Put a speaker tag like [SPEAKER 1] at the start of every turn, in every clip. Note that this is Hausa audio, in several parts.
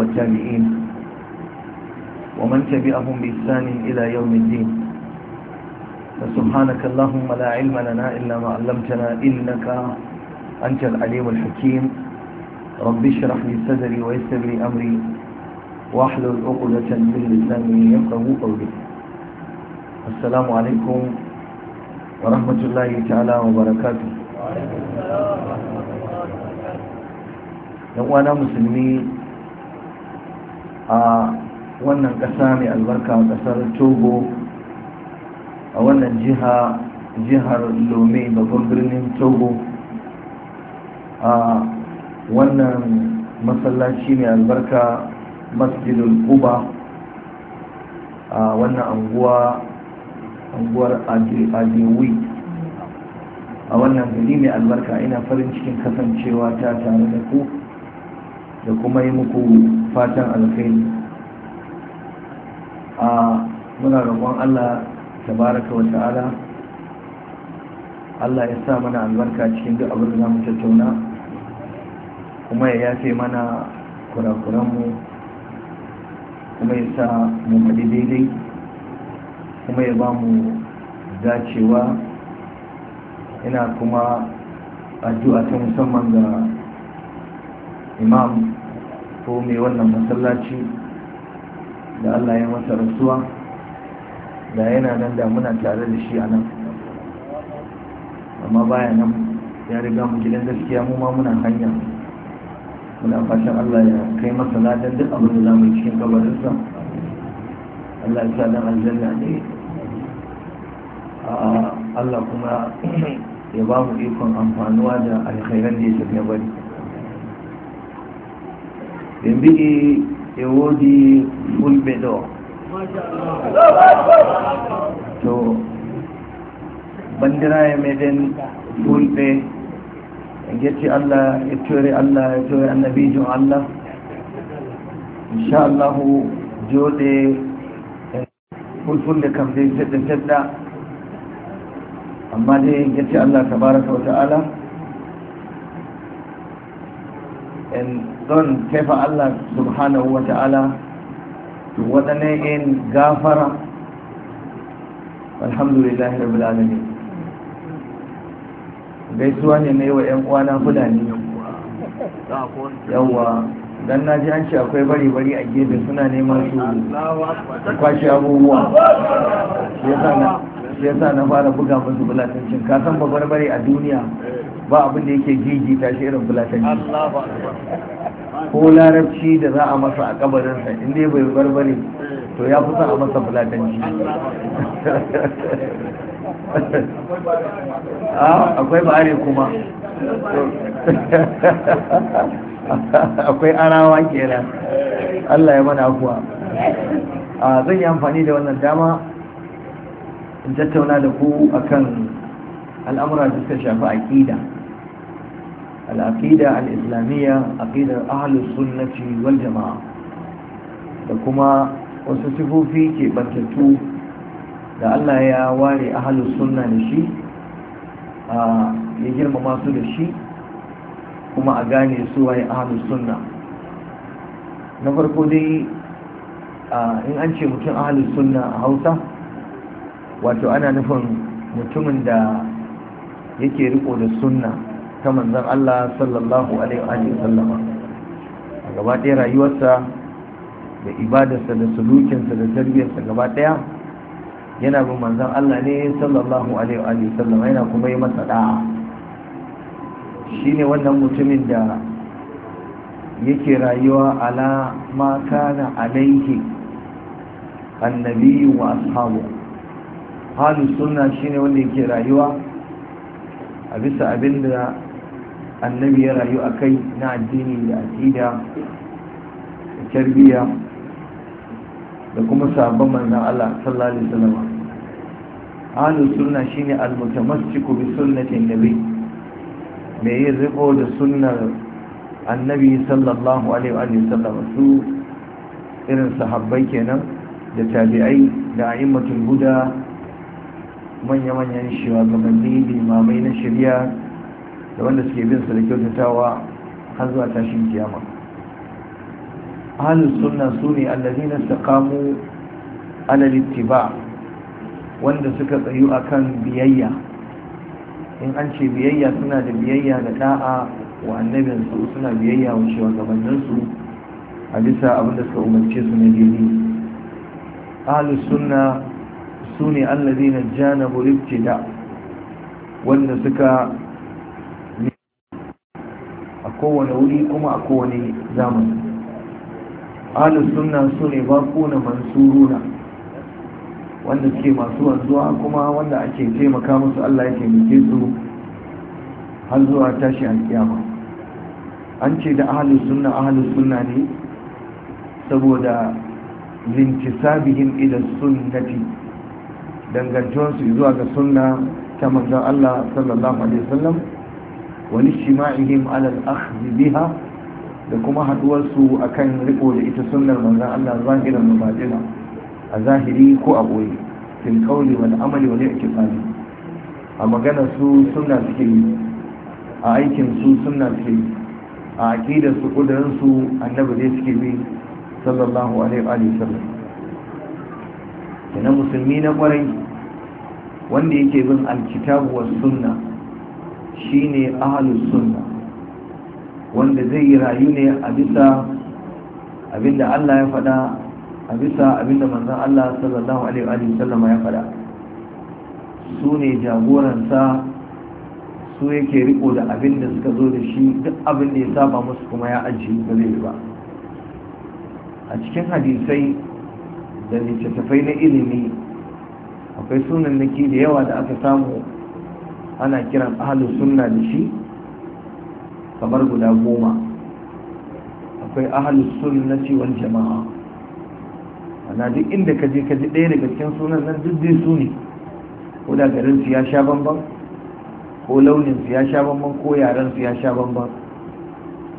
[SPEAKER 1] والتابعين ومن تبعهم بإحسان إلى يوم الدين فسبحانك اللهم لا علم لنا إلا ما علمتنا إنك أنت العليم الحكيم رب اشرح لي صدري ويسر لي أمري واحلل عقدة من لساني يفقه قولي السلام عليكم ورحمة الله تعالى وبركاته وعليكم السلام ورحمة الله وبركاته مسلمين a wannan ƙasa mai albarka ƙasar togo a wannan jihar lome babban birnin togo a wannan masallaci mai albarka masjidul kuba a wannan anguwa anguwar adewi a wannan gari mai albarka ina farin cikin kasancewa ta tare da ku da kuma yi muku fatan alkhairi a muna roƙon Allah tabaraka wa ta'ala Allah ya sa mana albarka cikin duk abin da za tattauna kuma ya yafe mana kurakuranmu kuma ya sa mu faɗi daidai kuma ya ba mu dacewa ina kuma addu'a ta musamman ga imam ko mai wannan masallaci da allah ya masa rasuwa da yana nan da muna tare da shi a nan amma baya nan ya riga mu gidan gaskiya mu ma muna hanya muna fatan allah ya kai masa ladan duk abin da zamu cikin kabarinsa allah ya sa dan aljanna ne allah kuma ya ba mu ikon amfanuwa da alkhairan da ya bari e wodi di olùgbèdọ̀ to bandiraye meɗen fulɓe e getti allah e toore allah e toore annabijo allah inchallahu jooɗe e fulfulde kam de seɗɗa seɗɗa amma de getti allah tabaraka wa taala en don kaifa Allah subhanahu wa ta'ala to waɗanne in gafara alhamdulillah rabbil alamin gaisuwa ne mai wa ƴan kwana fulani
[SPEAKER 2] yawa
[SPEAKER 1] dan naji an ce akwai bari bari a gefe suna neman su kwashi abubuwa shi yasa na fara buga musu bulatancin ka san babbar bari a duniya ba abin da yake ta shi irin bulatancin
[SPEAKER 2] ko larabci
[SPEAKER 1] da za a masa a kabarinsa in dai bai barbare to ya fi a masa fulatanci ah, akwai bare kuma akwai arawa kenan Allah ya mana kuwa ah, zan yi amfani da wannan dama in tattauna da ku akan al'amura da suka shafi aƙida al'aqida al'islamiyya aqidar ahlus sunnati wal jama'a da kuma wasu sifofi ke bantattu da Allah ya ware ahlus da shi ya girmama su da shi kuma a gane su waye ahlus sunna na farko dai in an ce mutum ahlus sunna a Hausa wato ana nufin mutumin da yake riko da sunna ta manzan Allah sallallahu alaihi sallama a gaba ɗaya rayuwarsa da ibadarsa da sulukinsa da tarbiyyarsa gaba ɗaya yana bin manzan Allah ne sallallahu alaihi sallama yana kuma yi masa da'a shi ne wannan mutumin da yake rayuwa ala ma kana alaihi annabi wa ashabu suna shi ne wanda yake rayuwa a bisa abin da. annabi ya rayu a kai na addini da aƙida da tarbiyya da kuma sabon manzan Allah sallallahu alaihi wasallam ahlus sunna shine al-mutamassiku bi sunnati nabi me yi riko da sunnar annabi sallallahu alaihi wasallam su irin sahabbai kenan da tabi'ai da a'immatul huda manya-manyan shugabanni limamai na shari'a da wanda suke bin su da kyautatawa har zuwa tashin kiyama ahlus sunna sune allazina istaqamu ala al-ittiba wanda suka tsayu akan biyayya in an ce biyayya suna da biyayya da da'a wa annabinsu suna biyayya wa shugabanninsu a bisa abinda suka umarce su na daidai ahlus sunna sune allazina janabu al-ibtida wanda suka kowane wuri kuma a kowane zamani ahalus sunna su ne bakuna mansuruna wanda suke masu wanzuwa kuma wanda ake taimaka musu Allah ya taimake su har zuwa tashi alkiyama an ce da ahalus sunna ahalus sunna ne saboda lintisabihim ila sunnati dangantuwarsu zuwa ga sunna ta manzon Allah sallallahu alaihi wasallam wani shima'ihim alal akhdhi biha da kuma haduwarsu akan riko da ita sunnar manzon Allah zahiran da batina a zahiri ko a boye fil qawli wal amali wal i'tiqadi a magana su sunna suke yi a aikin su sunna suke yi a aqidar su kudurin su annabi zai suke bi sallallahu alaihi wa sallam kenan musulmi na kwarai wanda yake bin alkitabu was sunna shine ahlus sunna wanda zai yi rayu ne a bisa abinda Allah ya fada a bisa abinda manzon Allah sallallahu alaihi wa ya faɗa su ne jagoransa su yake riko da abinda suka zo da shi duk abin da ya saba musu kuma ya ajiye ba zai ba a cikin hadisai da littattafai na ilimi akwai sunan da yawa da aka samu ana kiran ahalus sunna da shi kamar guda goma akwai ahalus na ciwon jama'a ana duk inda ka je ka ji ɗaya daga cikin sunan nan duk dai su ne ko da garin su ya sha bamban ko launin su ya sha bamban ko yaren su ya sha bamban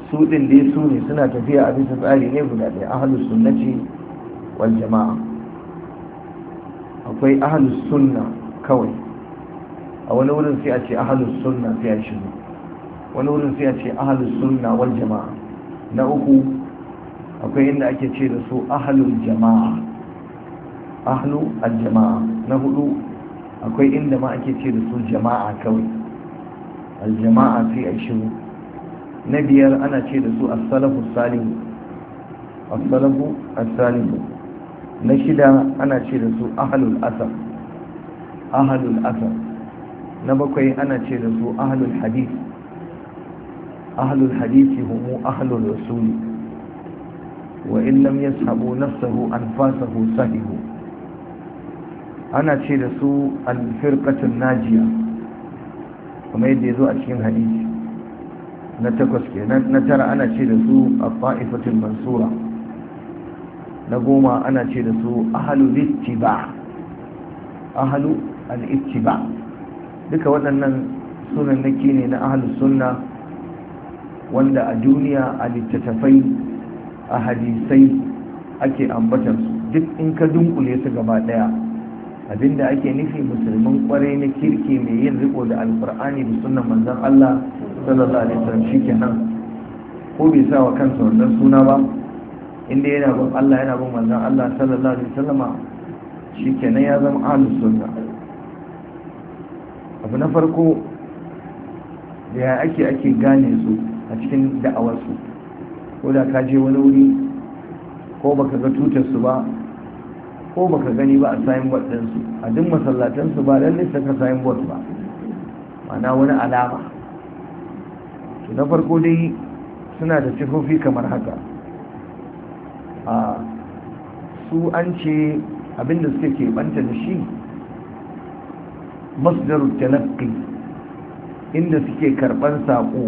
[SPEAKER 1] su din dai su ne suna tafiya a bisa tsari ne guda ɗaya ahalus ci wal jama'a akwai ahalus sunna kawai a wani wurin sai a ce ahalus sunna sai a shi wani wurin sai a ce ahalus sunna wal jama'a na uku akwai inda ake ce da su ahalul jama'a ahlu al jama'a na hudu akwai inda ma ake ce da su jama'a kawai al jama'a sai a shi na biyar ana ce da su as-salafu salihu as-salafu as Salim. na shida ana ce da su ahalul asar ahalul asar na bakwai ana ce da su ahlul hadith ahlul hadithi humu ahlul rasuli wa in lam yashabu nafsahu anfasahu sahihu ana ce da su alfirqatun najiya kuma yadda yazo a cikin hadisi na takwas kenan na tara ana ce da su at-ta'ifatul mansura na goma ana ce da su ahlul ittiba ahlu al-ittiba duka waɗannan na ne na ahal suna wanda a duniya a littattafai a hadisai ake ambatar su duk in ka dunkule su gaba ɗaya abinda ake nufi musulmin kwarai na kirki mai yin riko da alkur'ani da sunan manzan Allah sallallahu alaihi wasallam nan. ko bai sa wa kansa wannan suna ba inda yana bin Allah yana bin manzan Allah sallallahu alaihi wasallama shikenan ya zama ahlus sunna abu na farko da ya ake ake gane su a cikin da'awarsu ko da ka je wani wuri ko baka ga tutarsu ba ko baka gani ba a signboard ɗinsu a duk masallatansu ba lallai ka signboard ba mana wani alama su na farko dai suna da sifofi kamar haka a su an ce abinda suke banta da shi masdarut talaqqi inda suke karban sako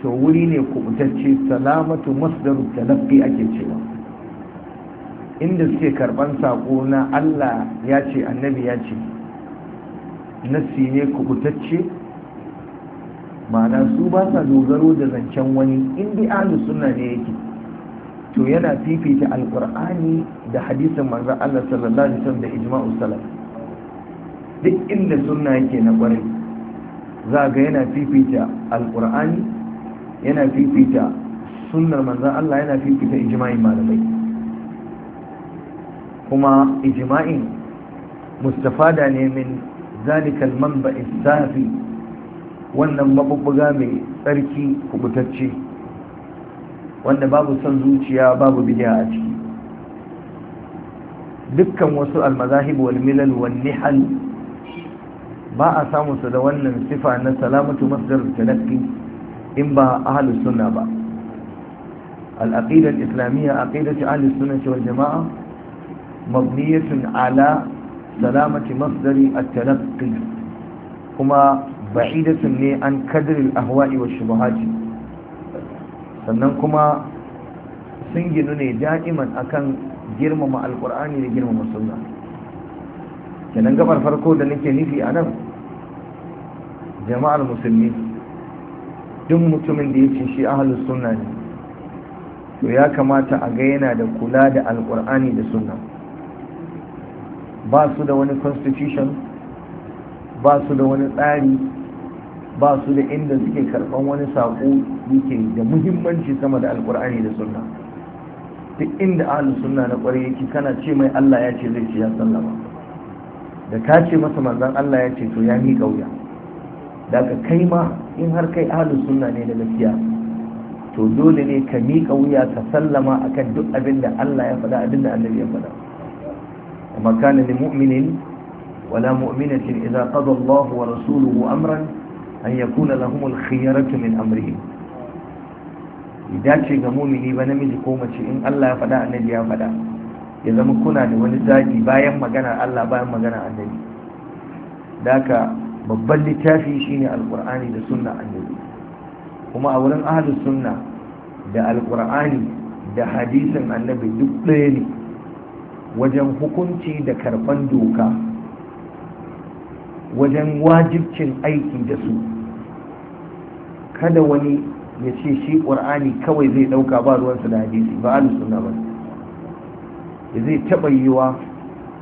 [SPEAKER 1] to wuri ne kubutacce salamatu masdarut talaqqi ake cewa inda suke karban sako na Allah ya ce annabi ya ce nasi ne kubutacce ma'ana su ba sa dogaro da zancen wani inda ahlus sunna ne yake to yana fifita alqur'ani da hadisin manzan Allah sallallahu alaihi wasallam da ijma'u salaf duk inda sunna yake na kwarai za ga yana fifita Alƙur'ani, yana fifita sunnar manzan Allah yana fifita ijma'in malamai kuma ijma'in mustafada ne min zalikal manba'i safi wannan mabubbuga mai tsarki kubutacce wanda babu son zuciya babu bidiya a ciki dukkan wasu almazahib wal milal wal nihal ba a samu su da wannan sifa na salamatu masdar talaqqi in ba ahlus sunna ba al aqida al islamiyya aqidatu ahlus sunna wal jamaa mabniyatun ala salamati masdar al talaqqi kuma ba'idatun ne an kadr al ahwa'i wash shubuhat sannan kuma sun ginu ne da'iman akan girmama alkur'ani da girmama sunna kenan gabar farko da nake nufi a nan jama'ar musulmi duk mutumin da ya ce shi ahalus sunna ne to ya kamata a ga yana da kula da alkur'ani da sunna ba su da wani constitution ba su da wani tsari ba su da inda suke karban wani saƙo yake da muhimmanci sama da alkur'ani da sunna duk inda ahlus sunna na kwarai yake kana ce mai Allah ya ce zai ce ya sallama da ka ce masa manzan Allah ya ce to ya mi kauya daga kai ma in har kai ahlus sunna ne da gaskiya to dole ne ka miƙa wuya ka sallama akan duk abin da Allah ya faɗa abin da annabi ya faɗa amma kana lil mu'minin wala mu'minatin idza qada Allahu wa rasuluhu amran an yakuna lahum khiyaratu min amrihim dace ga mumini ba namiji ko mace in Allah ya faɗa annabi ya faɗa ya zama kuna da wani zagi bayan magana Allah bayan magana annabi daka babban littafi shine alqur'ani da sunna annabi kuma a wurin ahlus sunna da alqur'ani da hadisin annabi duk ɗaya ne wajen hukunci da karɓan doka wajen wajibcin aiki da su kada wani ya ce shi ƙur'ani kawai zai ɗauka ba ruwansa da hadisi ba alu suna ba ya zai taɓa yiwa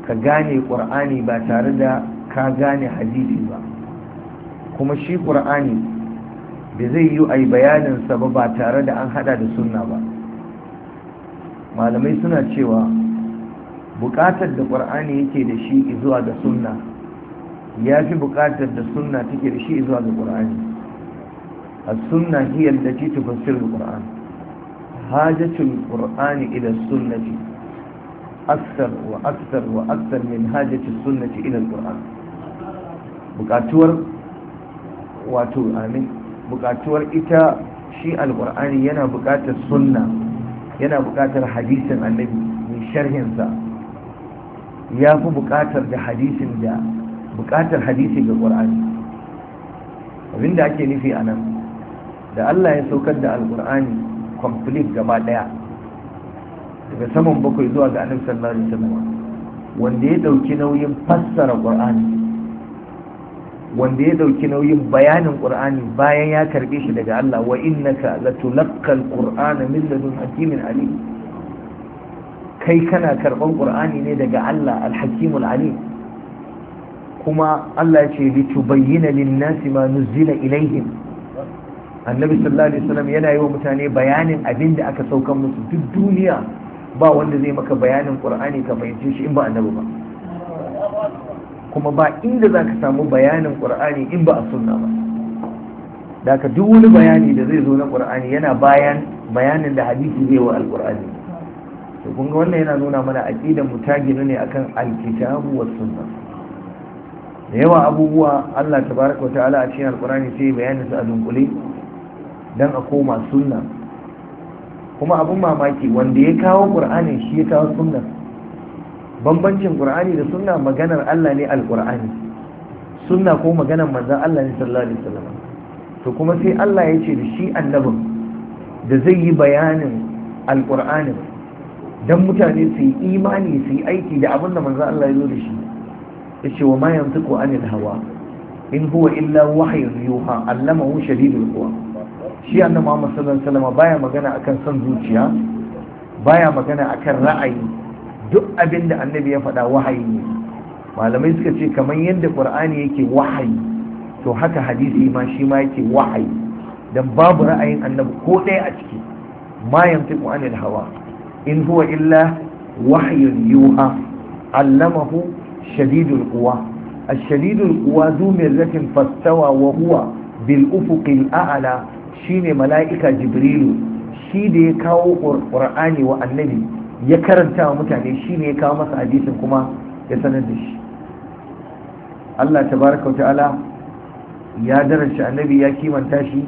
[SPEAKER 1] ka gane ƙur'ani ba tare da ka gane hadisi ba kuma shi ƙur'ani da zai yi a yi bayaninsa ba ba tare da an hada da sunna ba malamai suna cewa buƙatar da ƙur'ani yake da shi zuwa ga sunna ya fi buƙatar da sunna take da shi zuwa ga ƙur'ani السنة هي التي تفسر القرآن حاجة القرآن إلى السنة أكثر وأكثر وأكثر من حاجة السنة إلى القرآن بكاتور واتو آمين بكاتور إتا شيء القرآن ينا بكات السنة ينا بكات حديث النبي من شرحنسا يافو بكاتر دا حديث دا بكاتر حديث بالقرآن abinda ake nufi a nan da Allah ya saukar da alkur'ani complete gaba daya daga saman bakwai zuwa ga annabi sallallahu alaihi wasallam wanda ya dauki nauyin fassara qur'ani wanda ya dauki nauyin bayanin qur'ani bayan ya karbe shi daga Allah wa innaka latulaqqal qur'ana min ladun hakimin alim kai kana karban qur'ani ne daga Allah alhakimul Ali? alim kuma Allah ya ce litubayyana lin-nasi ma nuzila ilaihim annabi sallallahu alaihi wasallam yana yi wa mutane bayanin abin da aka sauka musu duk duniya ba wanda zai maka bayanin qur'ani ka fahimce shi in ba annabi ba kuma ba inda zaka samu bayanin qur'ani in ba a sunna ba da ka duk wani bayani da zai zo na qur'ani yana bayan bayanin da hadisi zai wa alqur'ani to kun ga wannan yana nuna mana aqidan mutajinu ne akan alkitabu was sunna da yawa abubuwa Allah tabaraka wa ta'ala a cikin alqur'ani sai bayanin su a dunkule don a koma sunna kuma abin mamaki wanda ya kawo ƙur'ani shi ya kawo sunna bambancin ƙur'ani da sunna maganar Allah ne alƙur'ani sunna ko maganar manzan Allah ne sallallahu alaihi wasallam to kuma sai Allah ya ce da shi annabin da zai yi bayanin alƙur'anin don mutane su yi imani su yi aiki da abin da manzan Allah ya zo da shi ya ce wa ma yanzu ko anil hawa in huwa illa wahayun yuha allamahu shadidul quwa shi annabi Muhammad sallallahu alaihi wasallam baya magana akan son zuciya baya magana akan ra'ayi duk abin da annabi ya faɗa wahayi ne malamai suka ce kamar yadda qur'ani yake wahayi to haka hadisi ma shi ma yake wahayi dan babu ra'ayin annabi ko ɗaya a ciki ma yantiqu anil hawa in huwa illa wahyun yuha allamahu shadidul quwa الشديد القوى ذو مرة فاستوى وهو بالأفق الأعلى shine mala'ika jibrilu shi da ya kawo qur'ani wa annabi ya karanta wa mutane shi ne ya kawo masa hadisin kuma ya sanar da shi Allah tabaraka ta'ala ya daraci annabi ya kimanta shi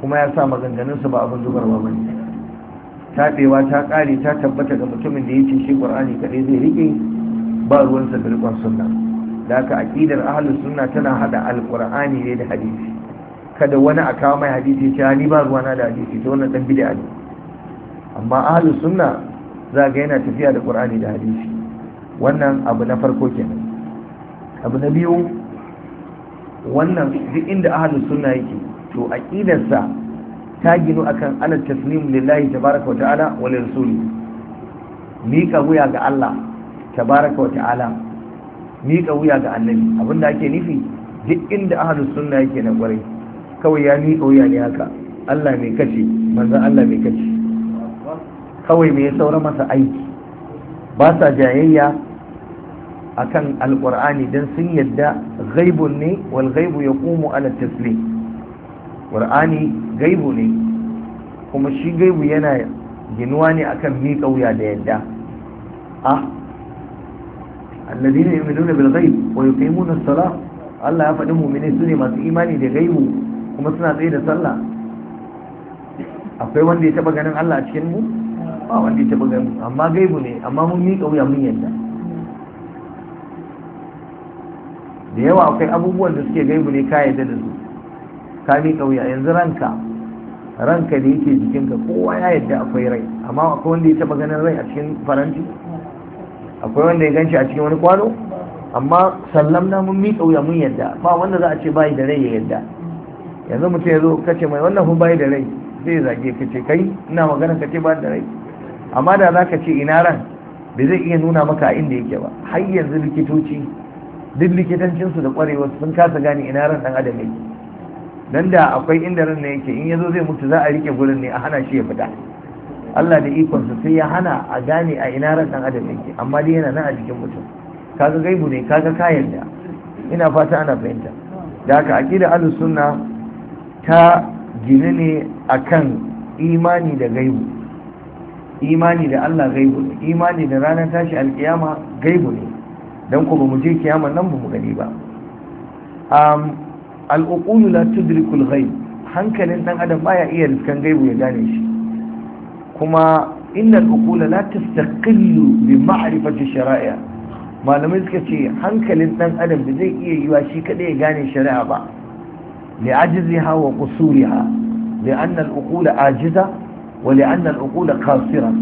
[SPEAKER 1] kuma ya sa maganganunsa ba abin zubarwa ba ne taɓewa ta ƙare ta tabbata ga mutumin da ya ce shi ƙwar'ani kaɗai zai riƙe ba ruwansa da riƙon sunna da aka aƙidar ahalus sunna tana haɗa alƙur'ani ne da hadisi kada wani a kawo mai hadisi ce ni ba ruwana da hadisi to wannan dan bid'a ne amma ahlus sunna za ga yana tafiya da qur'ani da hadisi wannan abu na farko kenan abu na biyu wannan duk inda ahlus sunna yake to aqidarsa ta ginu akan ala taslim lillahi tabaraka wa ta'ala wa lirrasuli ka wuya ga Allah tabaraka wa ta'ala ka wuya ga annabi abinda ake nufi duk inda ahlus sunna yake na ƙwarai. kawai ya miƙa wuya ne haka Allah mai kace manzan Allah mai kace kawai mai saura masa aiki ba sa jayayya akan alƙur'ani don sun yadda gaibun ne wal gaibu ya ƙumu ala taslim ƙur'ani gaibu ne kuma shi gaibu yana ginuwa ne akan miƙa wuya da yadda A, ah الذين يؤمنون بالغيب ويقيمون الصلاة Allah ya faɗi mumine su ne masu imani da gaibu kuma suna tsaye da sallah akwai wanda ya taba ganin Allah a cikin mu ba wanda ya taba ganin amma gaibu ne amma mun miƙa wuya mun yadda da yawa akwai abubuwan da suke gaibu ne ka yadda da su ka miƙa wuya yanzu ranka ranka da yake jikinka kowa ya yadda akwai rai amma akwai wanda ya taba ganin rai a cikin faranti akwai wanda ya ganci a cikin wani kwano amma sallam na mun miƙa wuya mun yadda ba wanda za a ce bai da rai ya yadda yanzu mutum ya zo kace mai wannan hun bai da rai zai zage ka ce kai ina magana ka ce ba da rai amma da za ka ce ina ran bai zai iya nuna maka inda yake ba har yanzu likitoci duk likitancinsu da kwarewa sun kasa gane ina ran dan adam yake dan da akwai inda ran ne yake in yazo zai mutu za a rike gurin ne a hana shi ya fita Allah da ikonsa sai ya hana a gane a ina ran dan adam yake amma dai yana nan a jikin mutum kaga gaibu ne kaga kayan da ina fata ana fahimta da haka aqida ahlus sunna ta gini ne akan imani da gaibu imani da Allah gaibu ne imani da ranar tashi alkiyama gaibu ne don ku ba mu je kiyama nan ba mu gani ba al'uqulu la tudrikul ghaib hankalin dan adam baya iya riskan gaibu ya gane shi kuma innal na la tastaqillu bi ma'rifati shari'a malamai suka ce hankalin dan adam ba zai iya yiwa shi kaɗai ya gane shari'a ba لعجزها وقصورها لأن الأقول عاجزة ولأن الأقول قاصرة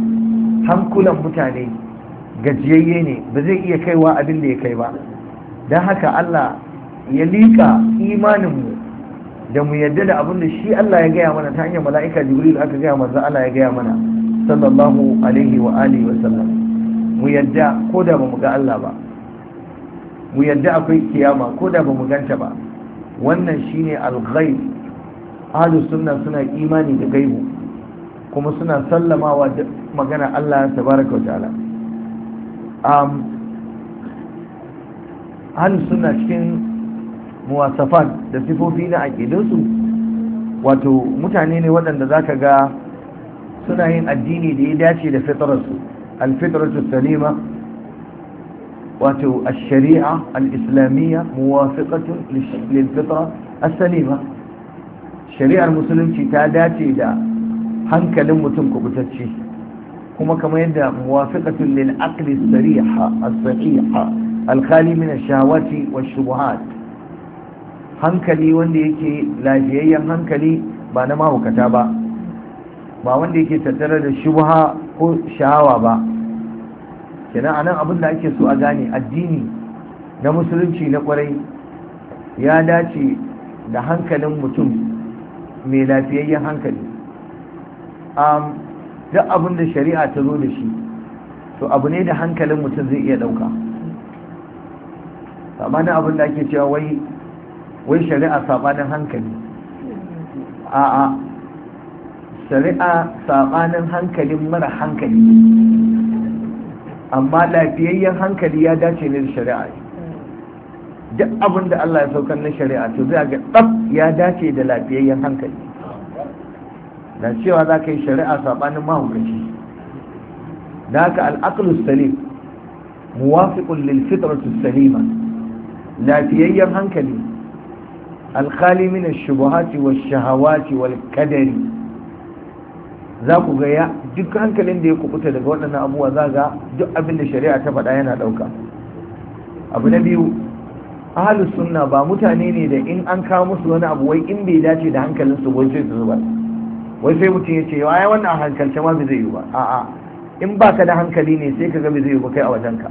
[SPEAKER 1] هم كل متاني gajiyayye ne ba zai iya kaiwa abin da ya kai ba don haka Allah ya imaninmu da mu yadda da abin da shi Allah ya gaya mana ta hanyar mala'ika jibril aka gaya manzo Allah ya gaya mana sallallahu alaihi wa alihi wa sallam mu yadda ko da ba mu ga Allah ba mu yadda akwai kiyama ko da ba mu ganta ba wannan shine al-ghaib sunna suna imani da gaibu kuma suna sallamawa da magana Allah tabaaraka wa ta'ala um sunna cikin muwasafat da sifofi na aqidansu wato mutane ne waɗanda zaka ga suna yin addini da ya dace da fitrarsu al salima wato ashari'a al-islamiyya muwafiqatun lil fitra as-salima shari'ar musulunci ta dace da hankalin mutum kubutacce kuma kamar yadda muwafiqatun lil aqli as-sariha as-sahiha al-khali min ash-shahawati wash hankali wanda yake lafiyayyen hankali ba na mahaukata ba ba wanda yake tattara da shubha ko sha'awa ba kenan anan abin da ake so a gane addini na musulunci na kwarai ya dace da hankalin mutum mai lafiyayyen hankali duk abin da shari'a ta zo da shi to abu ne da hankalin mutum zai iya ɗauka sabanin abin da ake cewa wai wai shari'a sabanin hankali a'a shari'a sabanin hankalin mara hankali amma lafiyayyen hankali ya dace ne da shari'a duk abin da Allah ya saukar na shari'a to zai ga tsaf ya dace da lafiyayyen hankali na cewa za ka yi shari'a saɓanin mahaukaci da haka al'aqlu salim muwafiqun lil fitratu salima lafiyayyen hankali alkhali min ash-shubuhati wash-shahawati wal kadari za ku ga ya duk hankalin da ya kubuta daga waɗannan abubuwa za ga duk abin da shari'a ta faɗa yana ɗauka abu na biyu ahalus sunna ba mutane ne da in an kawo musu wani abu wai in bai dace da hankalin su wai sai su zuba wai sai mutum ya ce ya wannan hankalce ma bai zai yi ba a'a in ba ka da hankali ne sai ka ga bai zai yi ba kai a ka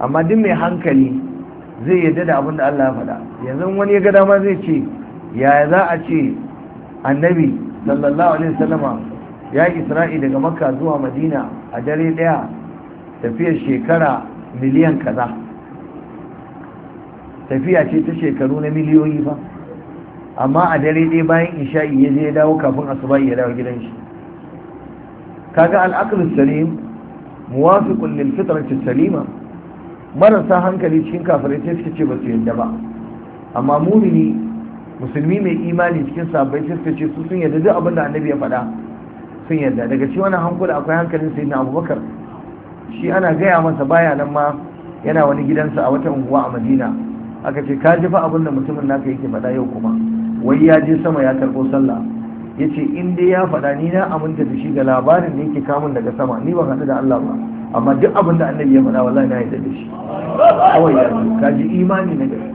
[SPEAKER 1] amma duk mai hankali zai yarda da abin da Allah ya faɗa yanzu wani ya ga dama zai ce yaya za a ce annabi sallallahu alaihi wasallama ya isra'i daga makka zuwa madina a dare daya tafiyar shekara miliyan kaza tafiya ce ta shekaru na miliyoyi ba amma a dare daya bayan isha'i ya je ya dawo kafin asuba ya dawo gidan shi kaga al'akar salim muwafiqun lil fitrati salima marasa hankali cikin kafirai sai suka ce ba su yadda ba amma mumini musulmi mai imani cikin sabbai sai suka ce su sun yadda duk abin da annabi ya faɗa sun yarda daga ci wani hankula akwai hankalin sayyidina abubakar shi ana gaya masa baya nan ma yana wani gidansa a wata unguwa a madina aka ce ka ji fa abin da mutumin naka yake faɗa yau kuma wai ya je sama ya karɓo sallah ya ce in dai ya faɗa ni na aminta da shi ga labarin da yake kamun daga sama ni ban haɗu da Allah ba amma duk abin da annabi ya faɗa wallahi na yi da shi kawai ya ji ka ji imani na gari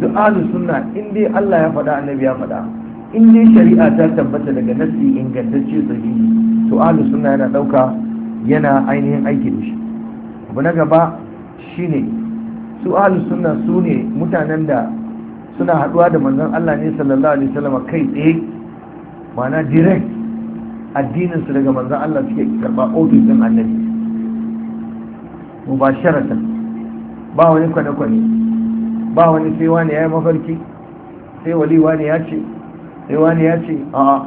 [SPEAKER 1] duk ahlus sunna in dai Allah ya faɗa annabi ya faɗa in dai shari'a ta tabbata daga nassi ingantacce sahihi to ahlu sunna yana dauka yana ainihin aiki da shi abu na gaba shine su ahlu sunna su ne mutanen da suna haduwa da manzon Allah ne sallallahu alaihi wasallam kai tsaye mana direct addinin su daga manzon Allah suke karba ofis din annabi mubasharatan ba wani kwane-kwane ba wani sai wani ya yi mafarki sai wali wani ya ce sai wani ya ce a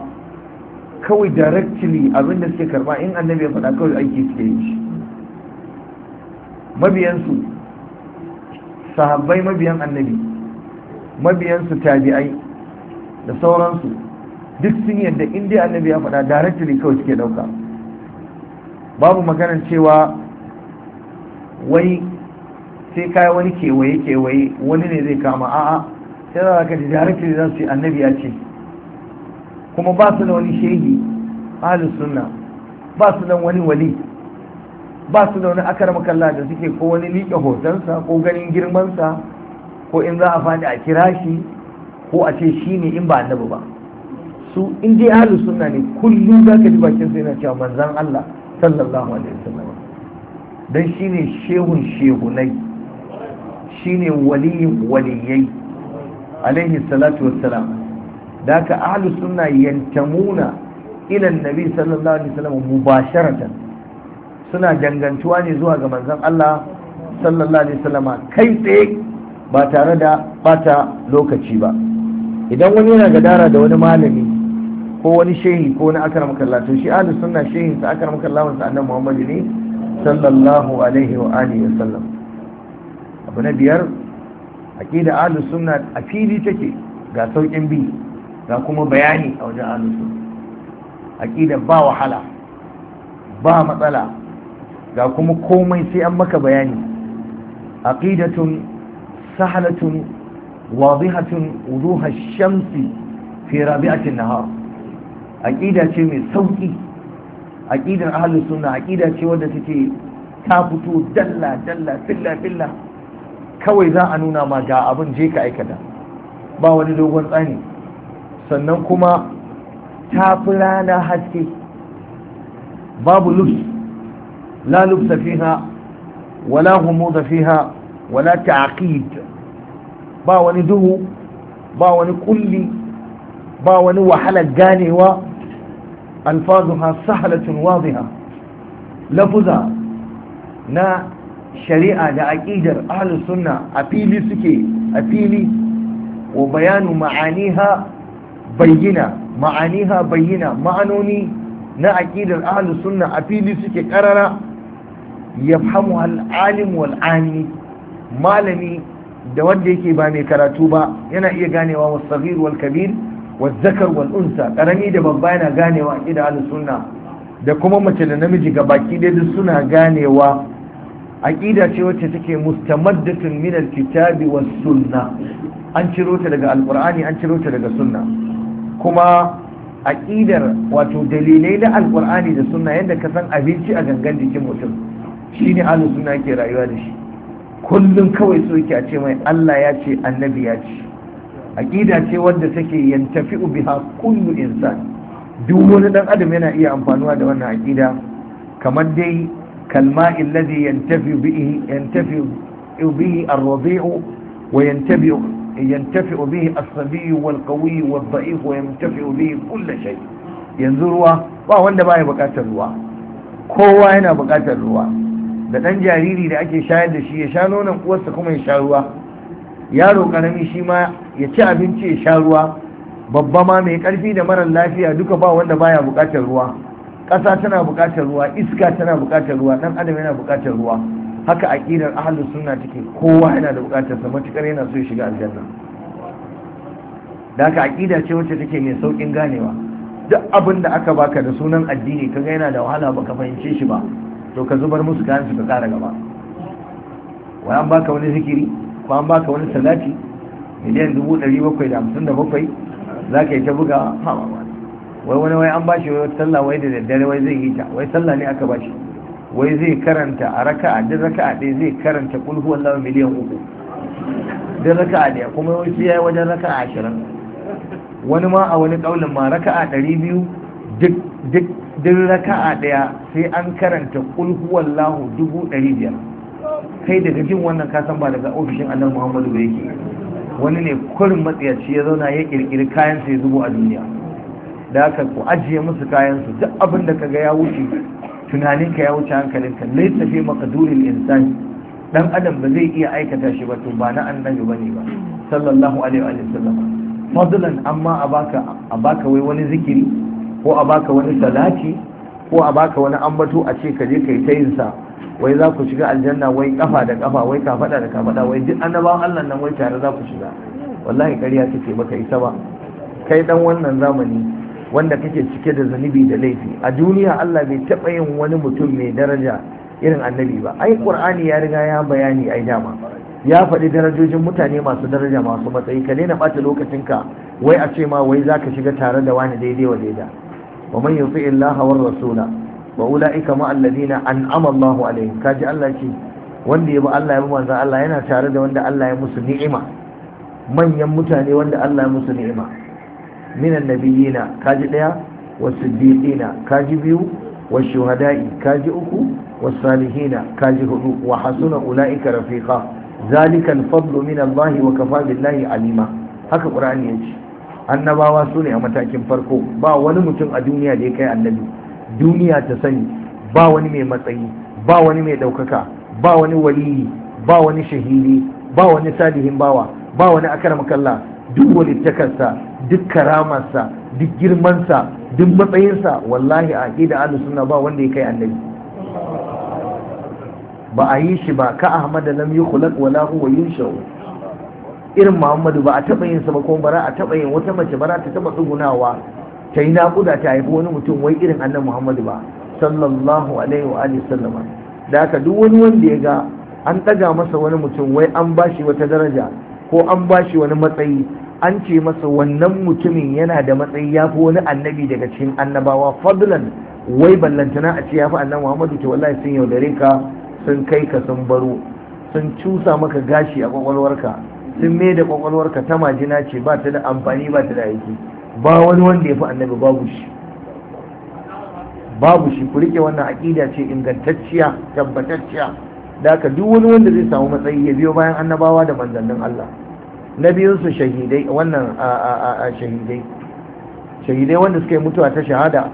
[SPEAKER 1] kawai directly abinda suke karba in annabi ya faɗa kawai aiki suke yi shi mabiyansu sahabbai mabiyan annabi mabiyansu tabi'ai da sauransu duk sun yadda inda annabi ya faɗa directly kawai suke ɗauka babu maganar cewa wai sai kayi wani kewaye-kewaye wani ne zai kama a'a sai za ka ji directly za su yi annabi ya ce kuma ba su da wani shehi ahlus sunna ba su da wani wali ba su da wani akar makalla da suke ko wani liƙe hotonsa ko ganin girmansa ko in za a faɗi a kira shi ko a ce shi ne in ba annabi ba su in dai ahlus sunna ne kullum za ka ji bakin sai na cewa manzan Allah sallallahu alaihi wasallam dan shi ne shehun shehunai shi ne waliyin waliyai alaihi salatu wassalam da aka ahlus sunna yantamuna ila nabi sallallahu alaihi wasallam mubasharatan suna dangantuwa ne zuwa ga manzon Allah sallallahu alaihi wasallam kai tsaye ba tare da bata lokaci ba idan wani yana gadara da wani malami ko wani shehi ko wani akram kallatu shi ahlus sunna shehin sa akram kallah sa annabi Muhammad ne sallallahu alaihi wa alihi wasallam abu na biyar aqida ahlus sunna a fili take ga saukin bi ga kuma bayani a wajen alusu aƙida ba wahala ba matsala ga kuma komai sai an maka bayani aqidatun sahalatun wadihatun wuduha shamsi fi rabi'atin nahar aqida ce mai sauki aqidar ahlus sunna aqida ce wanda take ta fito dalla dalla filla filla kawai za a nuna ma ga abin je ka aikata ba wani dogon tsani sannan kuma ta fi rana haske babu lubs la lubsa fiha wala humuda fiha wala ta'qid ba wani duhu ba wani kulli ba wani wahalar ganewa alfazuha sahalatun waziha lafuza na shari'a da aƙidar ahlus sunna a fili suke a fili wa bayanu ma'aniha bayyina ma'aniha bayyina ma'anoni na aƙidar ahlus sunna a fili suke karara yafhamu al-alim wal malami da wanda yake ba mai karatu ba yana iya ganewa was saghir wal kabir was zakar wal unsa karami da babba yana ganewa aqidar ahlus sunna da kuma mace da namiji ga baki da duk suna ganewa aqida ce wacce take mustamaddatun min al-kitabi was sunna an ciro ta daga alqur'ani an ciro ta daga sunna kuma aƙidar wato dalilai na alƙur'ani da suna yadda ka san abinci a gangan jikin mutum shine ahlus sunna ke rayuwa da shi kullum kawai so yake a ce mai Allah ya ce annabi ya ce aƙida ce wanda take yantafi'u biha kullu insan duk wani dan adam yana iya amfanuwa da wannan aƙida kamar dai kalma illazi yantafi bihi yantafi bihi ar-rabi'u wa yantabi'u ينتفع به الصبي والقوي والضعيف وينتفع به كل شيء yanzu ruwa ba wanda baya bukatar ruwa kowa yana bukatar ruwa da dan jariri da ake shayar da shi ya sha nonon uwarsa kuma ya sha ruwa yaro karami shi ma ya ci abinci ya sha ruwa babba ma mai karfi da marar lafiya duka ba wanda baya bukatar ruwa ƙasa tana bukatar ruwa iska tana bukatar ruwa dan adam yana bukatar ruwa haka aqidar ahlus sunna take kowa yana da bukatar sa matukar yana so ya shiga aljanna da haka aqida ce wacce take mai saukin ganewa duk abin da aka baka da sunan addini kaga yana da wahala baka fahimce shi ba to ka zubar musu kayan su ka tsara gaba wa an baka wani zikiri ko an baka wani salati miliyan dubu ɗari bakwai da hamsin da bakwai za ka yi ta buga hawa wai wani wai an bashi wai sallah wai da daddare wai zai yi ta wai sallah ne aka bashi wai zai karanta a raka'a raka raka'a ɗaya zai karanta kulhu wallahu miliyan uku raka raka'a ɗaya kuma wai sai yayi wajen raka'a ashirin wani ma a wani ƙaunin ma raka'a ɗari biyu duk duk duk raka'a ɗaya sai an karanta kulhu wallahu dubu ɗari biyar kai daga jin wannan kasan ba daga ofishin annabi muhammadu ba yake wani ne kurin matsiyaci ya zauna ya kirkiri kayansa ya zubo a duniya da aka ku ajiye musu kayansu duk abin da kaga ya wuce tunaninka ya wuce hankalinka laisa fi maqduril insan dan adam ba zai iya aikata shi ba to ba na annabi bane ba sallallahu alaihi wa sallam fadlan amma a baka a baka wai wani zikiri ko a baka wani salati ko a baka wani ambato a ce ka je kai ta yin sa wai za ku shiga aljanna wai kafa da kafa wai kafada da kafada wai duk annabawan Allah nan wai tare za ku shiga wallahi kariya take baka isa ba kai dan wannan zamani wanda kake cike da zunubi da laifi a duniya Allah bai taɓa yin wani mutum mai daraja irin annabi ba ai qur'ani ya riga ya bayani ai dama ya faɗi darajojin mutane masu daraja masu matsayi ka daina ɓata lokacinka wai a ce ma wai zaka shiga tare da wani daidai wa daida wa man yuti illaha war rasula wa ulaika ma alladhina an'ama Allahu alaihim kaji Allah ce wanda ya bi Allah ya bi manzon Allah yana tare da wanda Allah ya musu ni'ima manyan mutane wanda Allah ya musu ni'ima minan nabiyina kaji daya wasiddiqina kaji biyu washuhada'i kaji uku wasalihina kaji hudu wa hasuna ulaika rafiqa zalika alfadlu min Allah wa kafa billahi alima haka qur'ani yace annabawa su ne a matakin farko ba wani mutum a duniya da ya kai annabi duniya ta sani ba wani mai matsayi ba wani mai daukaka ba wani waliyi ba wani shahidi ba wani salihin bawa ba wani akar makalla duk walittakarsa duk karamarsa duk girmansa duk matsayinsa wallahi a da ahlus sunna ba wanda ya kai annabi ba a yi shi ba ka ahmad lam yukhlaq wala huwa yunshaw irin muhammadu ba a taba yin sa ba kuma bara a taba yin wata mace bara ta taba tsugunawa ta yi naƙuda ta haifi wani mutum wai irin annan muhammadu ba sallallahu alaihi wa alihi sallama da haka duk wani wanda ya ga an ɗaga masa wani mutum wai an bashi wata daraja ko an bashi wani matsayi an ce masa wannan mutumin yana da matsayi ya fi wani annabi daga cikin annabawa fadlan wai ballantana a ce ya fi annabi muhammadu ke wallahi sun yaudare ka sun kai ka sun baro sun cusa maka gashi a kwakwalwarka sun mai da kwakwalwarka ta majina ce ba ta da amfani ba ta da aiki ba wani wanda ya fi annabi babu shi babu shi ku rike wannan aƙida ce ingantacciya tabbatacciya da haka duk wani wanda zai samu matsayi ya biyo bayan annabawa da manzannin Allah na biyun su shahidai wannan a shahidai shahidai wanda suka yi mutuwa ta shahada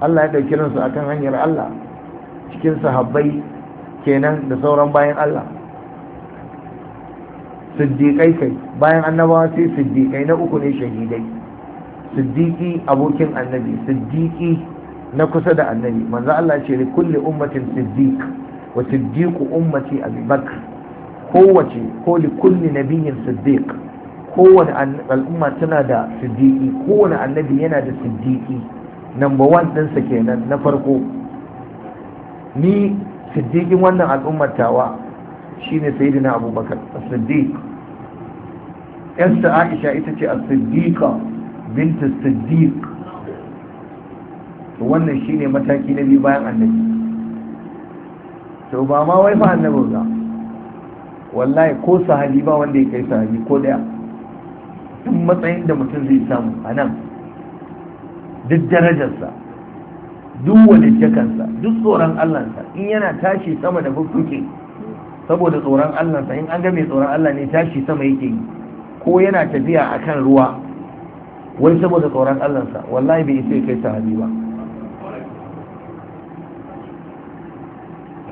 [SPEAKER 1] Allah ya dauki ransu akan hanyar Allah cikin sahabbai kenan da sauran bayan Allah siddiƙai kai bayan annabawa sai siddiƙai na uku ne shahidai siddiƙi abokin annabi siddiƙi na kusa da annabi manzo Allah ce kulli ummatin siddiq wa siddiqu ummati abubakar kowace ko li kulli nabiyyin siddiq kowane al'umma tana da siddiqi kowane annabi yana da siddiqi number one ɗinsa kenan na farko ni siddiqin wannan al'ummar tawa shine sayyidina abubakar as-siddiq yarsa aisha ita ce as-siddiqa bint as-siddiq wannan shine mataki na biyu bayan annabi to ba ma wai fa annabin ba wallahi ko sahabi ba wanda ya kai sahabi ko daya duk matsayin da mutum zai samu a nan duk darajarsa duk walittakansa duk tsoron allansa in yana tashi sama da fuffuke saboda tsoron allansa in an ga mai tsoron allah ne tashi sama yake yi ko yana tafiya akan ruwa wai saboda tsoron allansa wallahi bai isa kai sahabi ba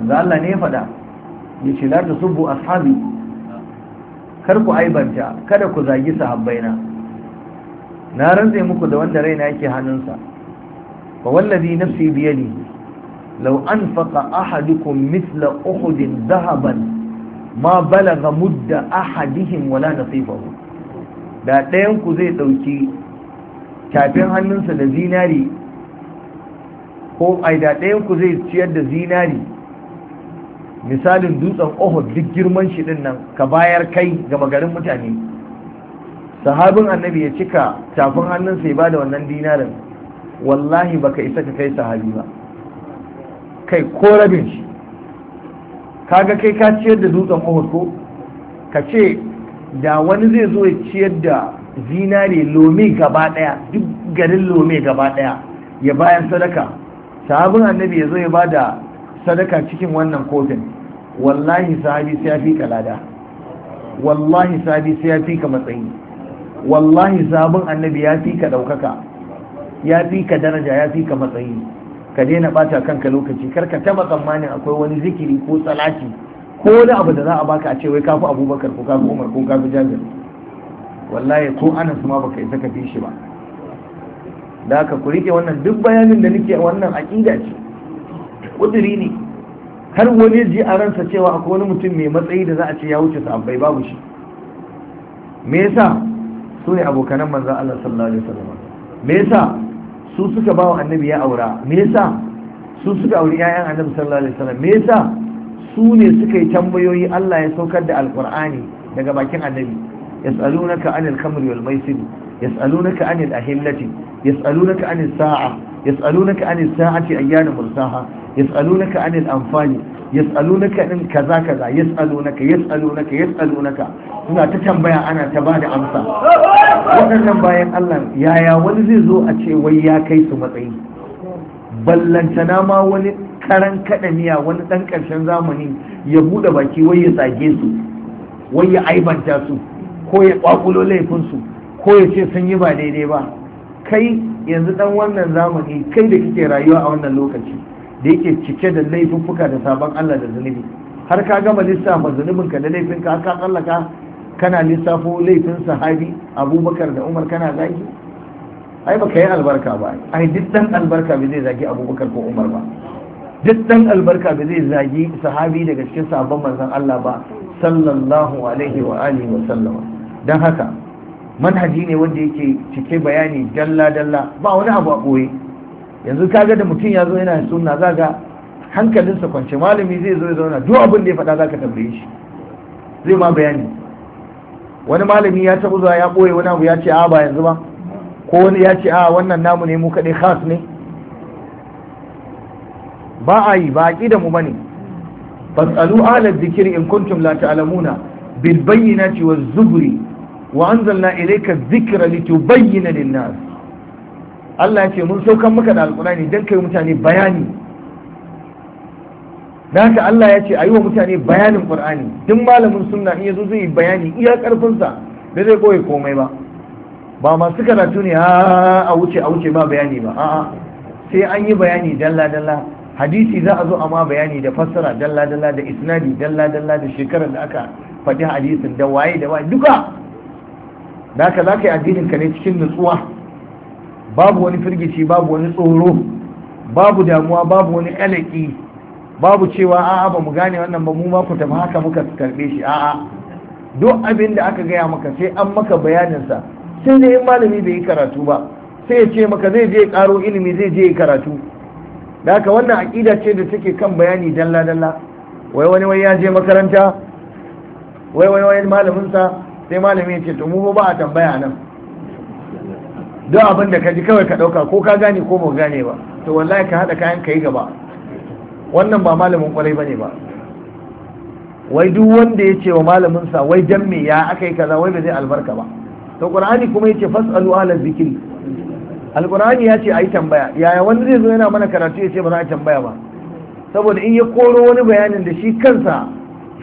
[SPEAKER 1] da Allah ne ya faɗa ya ce la subu ashabi kar ku aibanta kada ku zagi sahabbaina na rantse muku da wanda raina yake hannunsa fa wallazi nafsi bi yadi law anfaqa ahadukum mithla uhudin dhahaban ma balagha mudda ahadihim wala nasifahu da ɗayan ku zai dauki tafin hannunsa da zinari ko ai da ɗayan ku zai ciyar da zinari misalin dutsen ohud duk girman shi din nan ka bayar kai ga garin mutane sahabin annabi ya cika tafin hannunsa ya ba da wannan dinarin wallahi baka isa ka kai sahabi ba kai ko rabin shi kaga kai ka ciyar da dutsen ohud ko ka ce da wani zai zo ya ciyar da zinare lome gaba daya duk garin lome gaba daya ya bayan sadaka sahabin annabi ya zo ya ba da sadaka cikin wannan kotun. wallahi sahabi sai ya fi ka lada wallahi sahabi sai ya fi ka matsayi wallahi sabon annabi ya fi ka ɗaukaka ya fi ka daraja ya fi ka matsayi ka daina bata kanka lokaci kar ka taba tsammanin akwai wani zikiri ko salati ko wani abu da za a baka a ce wai kafi abubakar ko kafi umar ko kafi jabir wallahi ko anas ma baka isa ka fi shi ba da haka ku riƙe wannan duk bayanin da nake wannan aƙida ce kuduri ne Har wani ji a ransa cewa akwai wani mutum mai matsayi da za a ce ya wuce sahabbai babu shi me yasa su ne abokanan manzan Allah sallallahu alaihi wasallam me yasa su suka bawa annabi ya aura me yasa su suka auri yayan annabi sallallahu alaihi wasallam me yasa su ne suka yi tambayoyi Allah ya saukar da alqur'ani daga bakin annabi yas'alunaka anil khamri wal maisir yas'alunaka anil ahillati yas'alunaka anil sa'a yas'alunaka anis sa'ati ayyana mursaha yas'alunaka anil anfali yas'alunaka in kaza kaza yas'alunaka yas'alunaka yas'alunaka suna ta tambaya ana ta bada amsa wannan bayan Allah yaya wani zai zo a ce wai ya kai su matsayi na ma wani karan kadaniya wani dan karshen zamani ya bude baki wai ya tsage su wai ya aibanta su ko ya kwakulo laifin su ko ya ce sun yi ba daidai ba kai yanzu dan wannan zamani kai da kike rayuwa a wannan lokaci da yake cike da laifuffuka da sabon Allah da zunubi har ka gama lissafa zunubinka da laifinka ka tsallaka kana lissafo laifin sahabi abubakar da umar kana zagi ai baka yi albarka ba ai duk dan albarka bai zai zagi abubakar ko umar ba duk dan albarka bai zai zagi sahabi daga cikin sabon manzon Allah ba sallallahu alaihi wa alihi wa sallama dan haka manhaji ne wanda yake cike bayani dalla dalla ba wani abu a ɓoye yanzu kaga da mutum ya zo yana suna za ga hankalinsa kwance malami zai zo ya zauna duk abin da ya faɗa za ka tambaye shi zai ma bayani wani malami ya taɓa zuwa ya ɓoye wani abu ya ce a ba yanzu ba ko wani ya ce a wannan namu ne mu kaɗai khas ne ba a yi ba a ƙi da mu bane fasalu ala zikiri in kuntum la ta'lamuna bil bayyinati waz zubri wa anzalna ilayka dhikra litubayyana lin-nas Allah ce mun saukan maka da alqur'ani dan kai mutane bayani dan haka Allah ya ce yi wa mutane bayanin qur'ani Tun malamin sunna in yazo zai bayani iya karfin sa da zai koyi komai ba ba masu karatu ne a wuce a wuce ba bayani ba a'a sai an yi bayani dalla dalla hadisi za a zo a ma bayani da fassara dalla dalla da isnadi dalla dalla da shekarar da aka faɗi hadisin da waye da waye duka da haka za ka yi addinin ka ne cikin nutsuwa babu wani firgici babu wani tsoro babu damuwa babu wani alaki babu cewa a'a ba mu gane wannan ba mu ma ku tafi haka muka karbe shi a'a duk abin da aka gaya maka sai an maka bayaninsa sai dai in malami bai yi karatu ba sai ya ce maka zai je karo ilimi zai je karatu da haka wannan aƙida ce da take kan bayani dalla dalla wai wani wai ya je makaranta wai wani wai malaminsa sai malami ya ce to mu ba a tambaya nan don abin da ka ji kawai ka ɗauka ko ka gane ko ba gane ba to wallahi ka haɗa kayan ka yi gaba wannan ba malamin kwarai ba ne ba wai duk wanda ya ce wa malamin sa wai dan me ya aka yi kaza wai ba zai albarka ba to qur'ani kuma yace fasalu ala zikri Alƙur'ani ya ce a yi tambaya yaya wanda zai zo yana mana karatu ya ce ba za a tambaya ba saboda in ya koro wani bayanin da shi kansa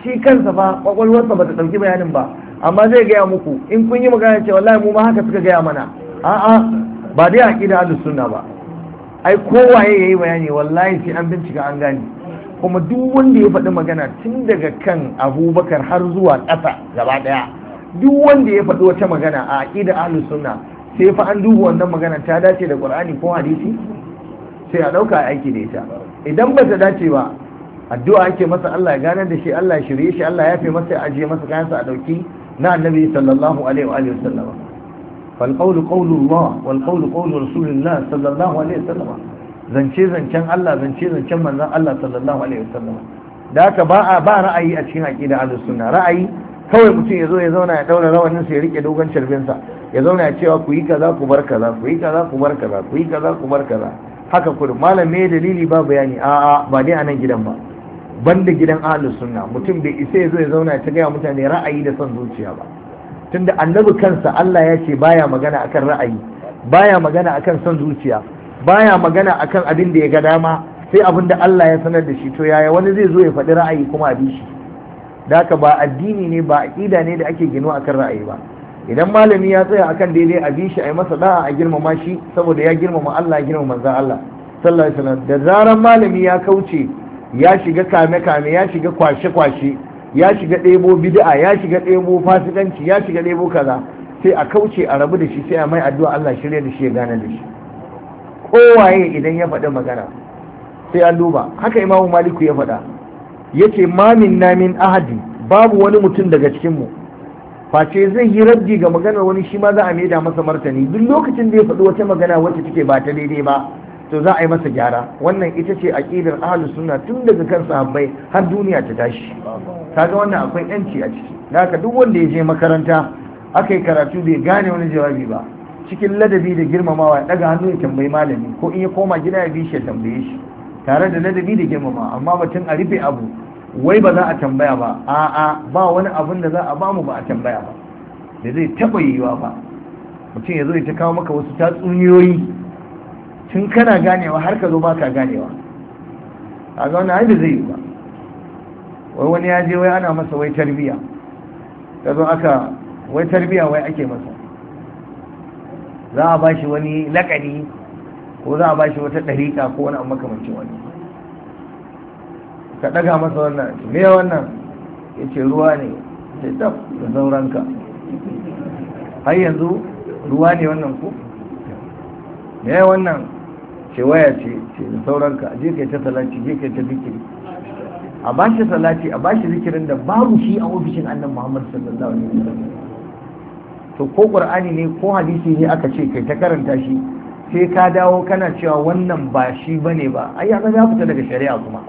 [SPEAKER 1] shi kansa fa kwakwalwarsa ba ta ɗauki bayanin ba amma zai gaya muku in kun yi magana cewa wallahi mu ma haka suka gaya mana a'a ba dai aqida ahlus sunna ba ai kowaye yi bayani wallahi sai an bincika an gani kuma duk wanda ya faɗi magana tun daga kan abubakar har zuwa ƙasa gaba ɗaya duk wanda ya faɗi wata magana a aƙida ahlus sunna sai fa an duba wannan magana ta dace da qur'ani ko hadisi sai a ɗauka aiki da ita idan ba ta dace ba addu'a ake masa Allah ya ganar da shi Allah ya shirye shi Allah ya fi masa ya ajiye masa kayansa a dauki na annabi sallallahu alaihi wa alihi wasallama fal qawlu qawlu Allah wal qawlu qawlu rasulillah sallallahu alaihi sallama. zance zancen Allah zance zancen manzon Allah sallallahu alaihi sallama. da haka ba a ba ra'ayi a cikin aqida ahlus sunna ra'ayi kawai mutum ya zo ya zauna ya daura rawanin sa ya rike dogon sa ya zauna ya cewa ku yi kaza ku bar kaza ku yi kaza ku bar kaza ku yi kaza ku bar kaza haka kudu malam me dalili ba bayani a'a ba dai a nan gidan ba banda gidan ahlus sunna mutum bai isa ya zo ya zauna ta gaya mutane ra'ayi da son zuciya ba tunda annabi kansa Allah ya ce baya magana akan ra'ayi baya magana akan son zuciya baya magana akan abin da ya ga dama sai abin da Allah ya sanar da shi to yaya wani zai zo ya faɗi ra'ayi kuma a bi da haka ba addini ne ba aqida ne da ake ginuwa akan ra'ayi ba idan malami ya tsaya akan daidai a bi shi a yi masa da'a a girmama shi saboda ya girmama Allah ya girmama manzon Allah sallallahu alaihi wasallam da zaran malami ya kauce ya shiga kame-kame ya shiga kwashe-kwashe ya shiga ɗebo bid'a ya shiga ɗebo fasikanci ya shiga ɗebo kaza sai a kauce a rabu da shi sai a mai addu'a Allah shirya da shi ya gane da shi kowaye idan ya faɗi magana sai an duba haka imamu maliku ya faɗa yace ma min namin ahadi babu wani mutum daga cikin mu face zai yi rabbi ga maganar wani shi ma za a maida masa martani duk lokacin da ya faɗi wata magana wacce take ba ta daidai ba to za a yi masa gyara wannan ita ce aqidar ahlus sunna tun daga kan sahabbai har duniya ta tashi kaga wannan akwai yanci a ciki haka duk wanda ya je makaranta aka yi karatu bai gane wani jawabi ba cikin ladabi da girmamawa ya daga hannu ya tambayi malami ko in ya koma gida ya bi shi ya tambaye shi tare da ladabi da girmama amma batun a rufe abu wai ba za a tambaya ba a'a ba wani abun da za a bamu ba a tambaya ba da zai taba yiwa ba mutum ya zo ya ta kawo maka wasu tatsuniyoyi tun kana ganewa har ka zo ba ka ganewa a ga wani da zai yi ba wai wani ya je wai ana masa wai tarbiya ka zo aka wai tarbiya wai ake masa za a ba shi wani lakani ko za a ba shi wata ɗariƙa ko wani an makamancin wani ka ɗaga masa wannan me wannan ya ce ruwa ne sai tab da sauranka har yanzu ruwa ne wannan ku me wannan ce waya ce ce da sauranka je kai ta salati je ta zikiri a ba shi salati a ba shi zikirin da babu shi a ofishin annan muhammad sallallahu alaihi wasallam to ko qur'ani ne ko hadisi ne aka ce kai ta karanta shi sai ka dawo kana cewa wannan ba shi bane ba ai ya ga fita daga shari'a kuma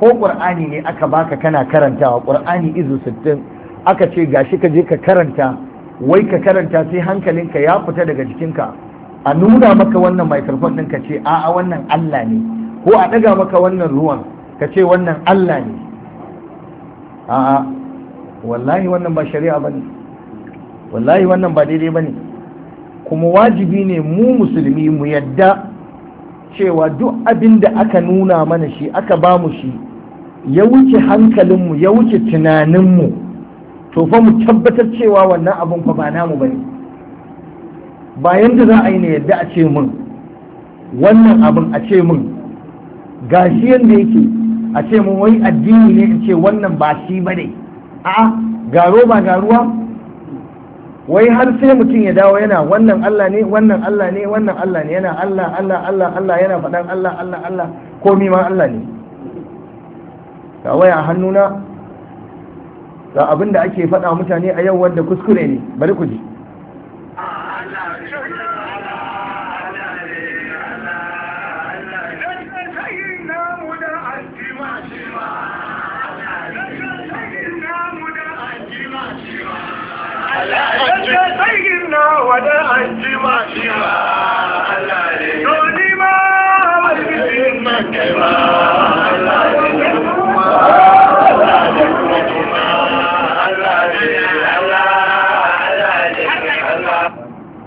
[SPEAKER 1] ko qur'ani ne aka baka kana karantawa qur'ani izu sittin aka ce gashi ka je ka karanta wai ka karanta sai hankalinka ya fita daga jikinka a nuna maka wannan microphone ɗin ka ce a'a wannan Allah ne ko a ɗaga maka wannan ruwan ka ce wannan Allah ne a'a wallahi wannan ba shari'a ba ne wallahi wannan ba daidai ba ne kuma wajibi ne mu musulmi mu yadda cewa duk abin da aka nuna mana shi aka ba mu shi ya wuce hankalinmu ya wuce tunaninmu to fa mu tabbatar cewa wannan abin fa ba namu ba ne ba yadda za a yi ne yadda a ce min wannan abin a ce min shi yadda yake a ce min wai addini ne a ce wannan ba shi ba ne a garo ba garuwa wai har sai mutum ya dawo yana wannan Allah ne wannan Allah ne wannan Allah ne yana Allah Allah Allah Allah yana faɗan Allah Allah Allah Ko ma Allah ne ga waya a hannuna ga abin da ake faɗa mutane a yau wanda kuskure ne bari ku ji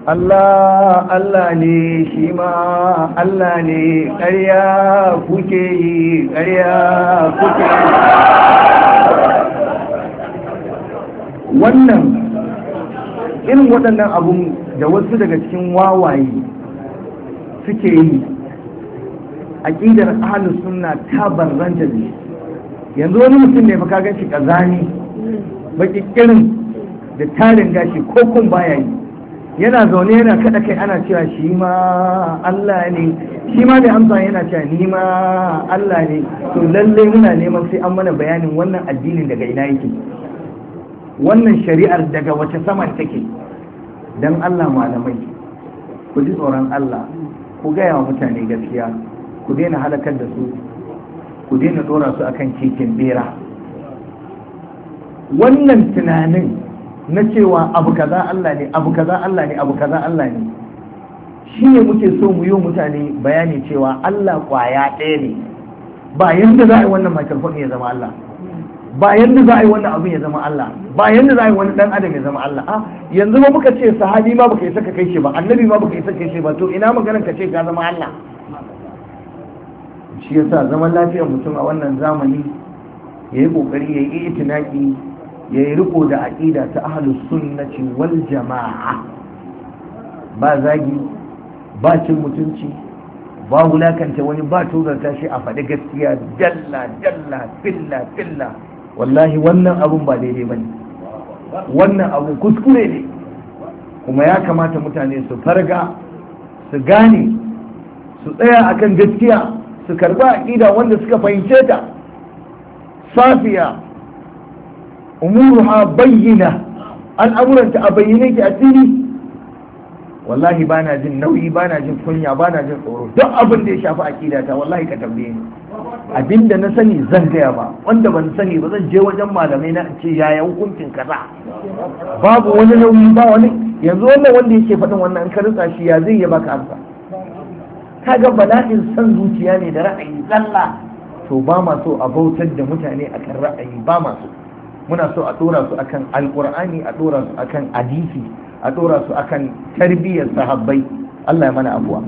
[SPEAKER 1] Allah Allah ne shi ma Allah ne ƙarya kuke yi ƙarya kuke yi wannan irin waɗannan abun da wasu daga cikin wawaye suke yi aƙidar ahalus suna ta barranta ne yanzu wani mutum ne fa ka gan shi ƙazani baƙi da tarin gashi ko kun baya yi yana zaune yana kada kai ana cewa shi ma Allah ne shi ma da amsa yana cewa ni ma Allah ne to lalle muna neman sai an mana bayanin wannan addinin daga ina yake wannan shari'ar daga wace saman take dan Allah malamai ku ji tsoron Allah ku gaya wa mutane gaskiya ku daina halakar da su ku daina dora su akan cikin bera wannan tunanin na cewa abu kaza Allah ne abu kaza Allah ne abu kaza Allah ne shi ne muke so mu yi mutane bayani cewa Allah kwaya ɗaya ne ba yadda za a yi wannan microphone ya zama Allah ba yadda za a yi wannan abin ya zama Allah ba yadda za a yi wani dan adam ya zama Allah ah yanzu ba muka ce sahabi ma baka isa ka kai shi ba annabi ma baka isa kai shi ba to ina maganar ka ce ka zama Allah shi yasa zaman lafiyar mutum a wannan zamani ya yi kokari ya yi itinaki ya yi riko da aƙida ta ahalus sunnaci wal jama'a ba zagi ba cin mutunci ba wulakanta wani ba tozarta shi a faɗi gaskiya dalla dalla filla filla wallahi wannan abun ba daidai ba ne wannan abun kuskure ne kuma ya kamata mutane su farga su gane su tsaya akan gaskiya su karba aƙida wanda suka fahimce ta safiya umuruha bayyana al'amuranta a bayyane ki a fili wallahi bana jin nauyi bana jin kunya bana jin tsoro duk abin da ya shafi akida ta wallahi ka tambaye ni abinda na sani zan gaya ba wanda ban sani ba zan je wajen malamai na ce yaya hukuncin kaza babu wani nauyi ba wani yanzu wannan wanda yake faɗin wannan an shi ya zai ya baka amsa kaga bala'in san zuciya ne da ra'ayi zalla to ba ma so a bautar da mutane akan ra'ayi ba ma so muna so a dora su akan alqur'ani a dora su akan hadisi a dora su akan tarbiyyar sahabbai Allah ya mana abuwa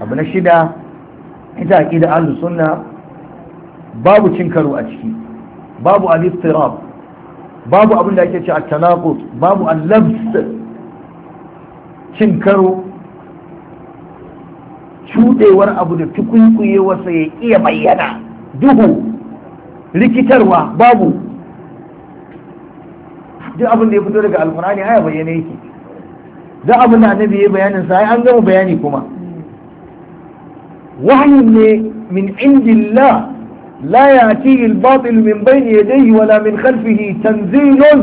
[SPEAKER 1] abu na shida ita aqida ahlus sunna babu cin karo a ciki babu al-istirab babu abin da ake ce a tanaqut babu al-labs cin karo cudewar abu da tukunkuyewarsa ya iya bayyana duhu rikitarwa babu duk abin da ya fito daga alkur'ani aya bayyana yake duk abin da annabi ya bayanin sa an gama bayani kuma wahayi ne min indillah la ya'ti al-batil min bayni yadayhi wala min khalfihi tanzilun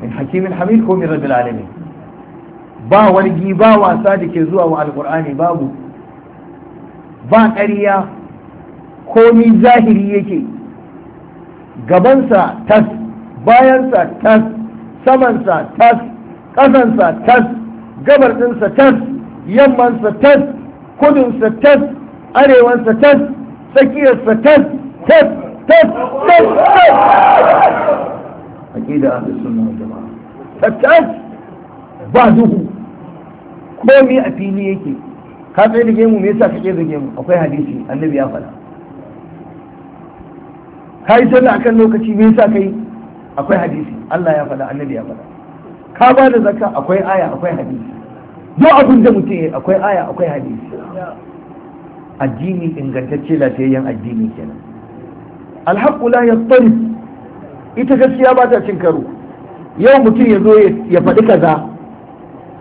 [SPEAKER 1] min hakimin hamid ko min rabbil alamin ba wargi ba wasa da ke zuwa wa alkur'ani babu ba ƙarya komi zahiri yake gabansa tas bayansa tas samansa tas ƙasansa tas gabar tas yammansa tas kudinsa tas arewansa tas tsakiyarsa tas tas tas tas tas aƙida a sunna wal jama'a ta tas ba duhu komi a fili yake ka tsaye da gemu me yasa ka tsaye da gemu akwai hadisi annabi ya faɗa ka yi sallah akan lokaci me yasa kai akwai hadisi Allah ya faɗa annabi ya faɗa ka ba da zakka akwai aya akwai hadisi duk abin da mutum ya akwai aya akwai hadisi addini ingantacce lafiyayyen addini kenan alhaqu la yattari ita gaskiya ba ta cin karo yau mutum ya zo ya faɗi kaza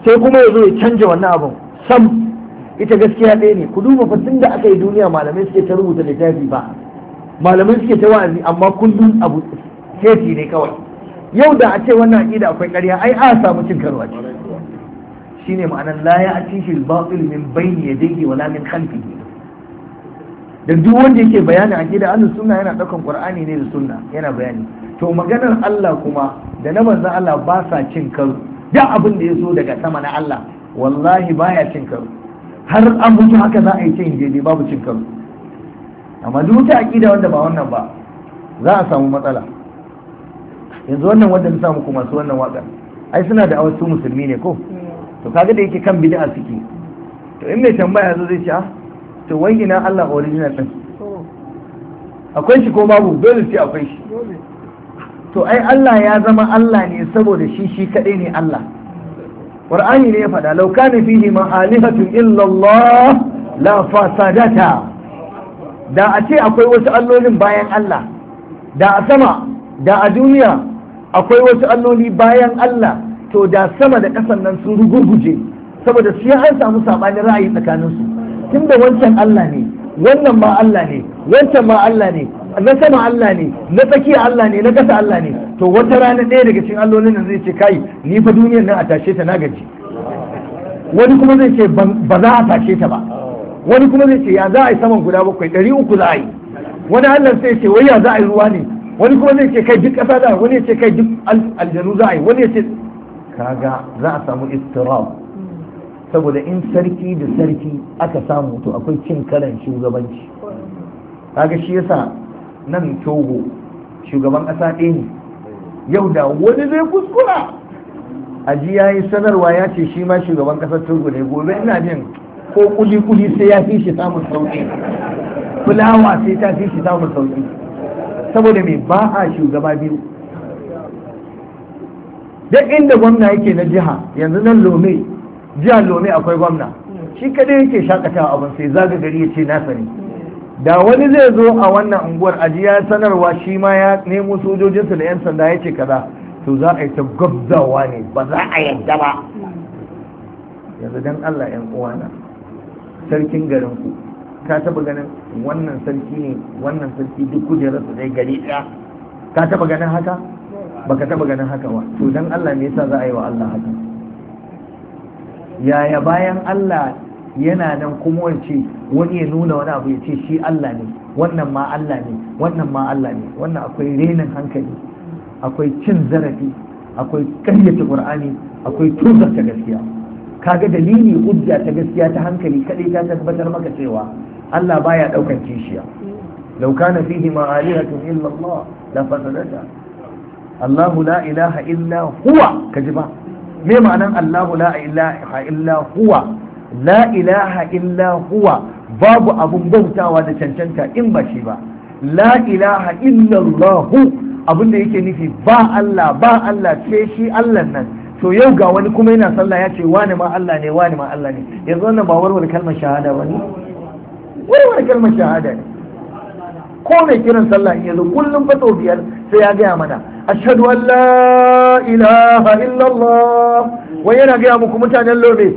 [SPEAKER 1] sai kuma ya zo ya canja wannan abin sam ita gaskiya ɗaya ne ku duba fasin da aka yi duniya malamai suke ta rubuta littafi ba malamai suke ta wa'azi amma kullum abu keji ne kawai yau da a ce wannan aƙida akwai ƙarya ai a samu cin karo a Shi ne ma'anar la ya atishi al-batil min ya yadayhi wala min khalfihi da duk wanda yake bayani aqida ahlus sunna yana ɗaukan qur'ani ne da sunna yana bayani to maganar Allah kuma da na manza Allah ba sa cin karo duk abin da zo daga sama na Allah wallahi baya cin karo har an mutu haka za a yi cin jeje babu cin karo amma duk wata aƙida wanda ba wannan ba za a samu matsala yanzu wannan wanda na sa kuma masu wannan waka ai suna da awasu musulmi ne ko to kaga da yake kan bid'a suke to in mai tambaya zo zai ce ah, to wai ina Allah original din akwai shi ko babu dole sai akwai shi to ai Allah ya zama Allah ne saboda shi shi kadai ne Allah Qur'ani ne ya faɗa law kana fihi ma alihatu illa Allah la fasadata da a ce akwai wasu allolin bayan Allah da a sama da a duniya akwai wasu alloli bayan Allah to da sama da ƙasan nan sun rugurguje saboda sai an samu saɓanin ra'ayi tsakaninsu da wancan Allah ne wannan ma Allah ne wancan ma Allah ne na sama Allah ne na tsakiya Allah ne na ƙasa Allah ne to wata rana ɗaya daga cikin allolin nan zai ce kai ni fa duniyar nan a tashe ta na gaji wani kuma zai ce ba za a tashe ta ba wani kuma zai ce ya za a yi saman guda bakwai ɗari uku za a yi wani Allah sai ce wai ya za a yi ruwa ne wani kuma zai ce kai duk ƙasa da wani ya ce kai duk aljanu za a yi wani ya ce kaga za a samu istirab saboda in sarki da sarki aka samu to akwai cin karan shugabanci kaga shi yasa nan togo shugaban ƙasa ɗaya ne yau da wani zai kuskura ji ya yi sanarwa ya ce shi ma shugaban ƙasar togo ne gobe ina jin ko kuli kuli sai ya fi shi samun sauƙi fulawa sai ta fi shi samun sauƙi saboda mai ba a shugaba biyu duk inda gwamna yake na jiha yanzu nan lome jiha lome akwai gwamna shi kadai yake shakatawa abin sai zaga gari ya ce nasa ne da wani zai zo a wannan unguwar ajiya sanarwa shi ma ya nemo sojojinsa da 'yan sanda ya ce kaza to za a yi ta gwabzawa ne ba za a yadda ba yanzu don allah 'yan uwana sarkin garinku ka taba ganin wannan sarki ne wannan sarki duk kujerar su gari ɗaya ka taba ganin haka baka taba ganin haka ba to dan Allah me yasa za a yi wa Allah haka yaya bayan Allah yana nan kuma wance wani ya nuna wani abu ya ce shi Allah ne wannan ma Allah ne wannan ma Allah ne wannan akwai renin hankali akwai cin zarafi akwai ƙaryata qur'ani akwai ta gaskiya kaga dalili hujja ta gaskiya ta hankali kadai ta tabbatar maka cewa Allah baya daukan kishiya law kana fihi ma alihatun illa Allah la fasadata Allah la ilaha illa huwa kaji ba me ma'anan Allah la ilaha illa huwa la ilaha illa huwa babu abun bautawa da cancanta in ba shi ba la ilaha illa Allah abin da yake nufi ba Allah ba Allah sai shi Allah nan to yau ga wani kuma yana sallah ya ce wani ma Allah ne wani ma Allah ne yanzu wannan ba warwar kalmar shahada ba ne warware kalmar shahada ne ko mai kiran sallah in yanzu kullum fa biyar sai ya gaya mana ashhadu an la ilaha illallah wai yana gaya muku mutanen lome,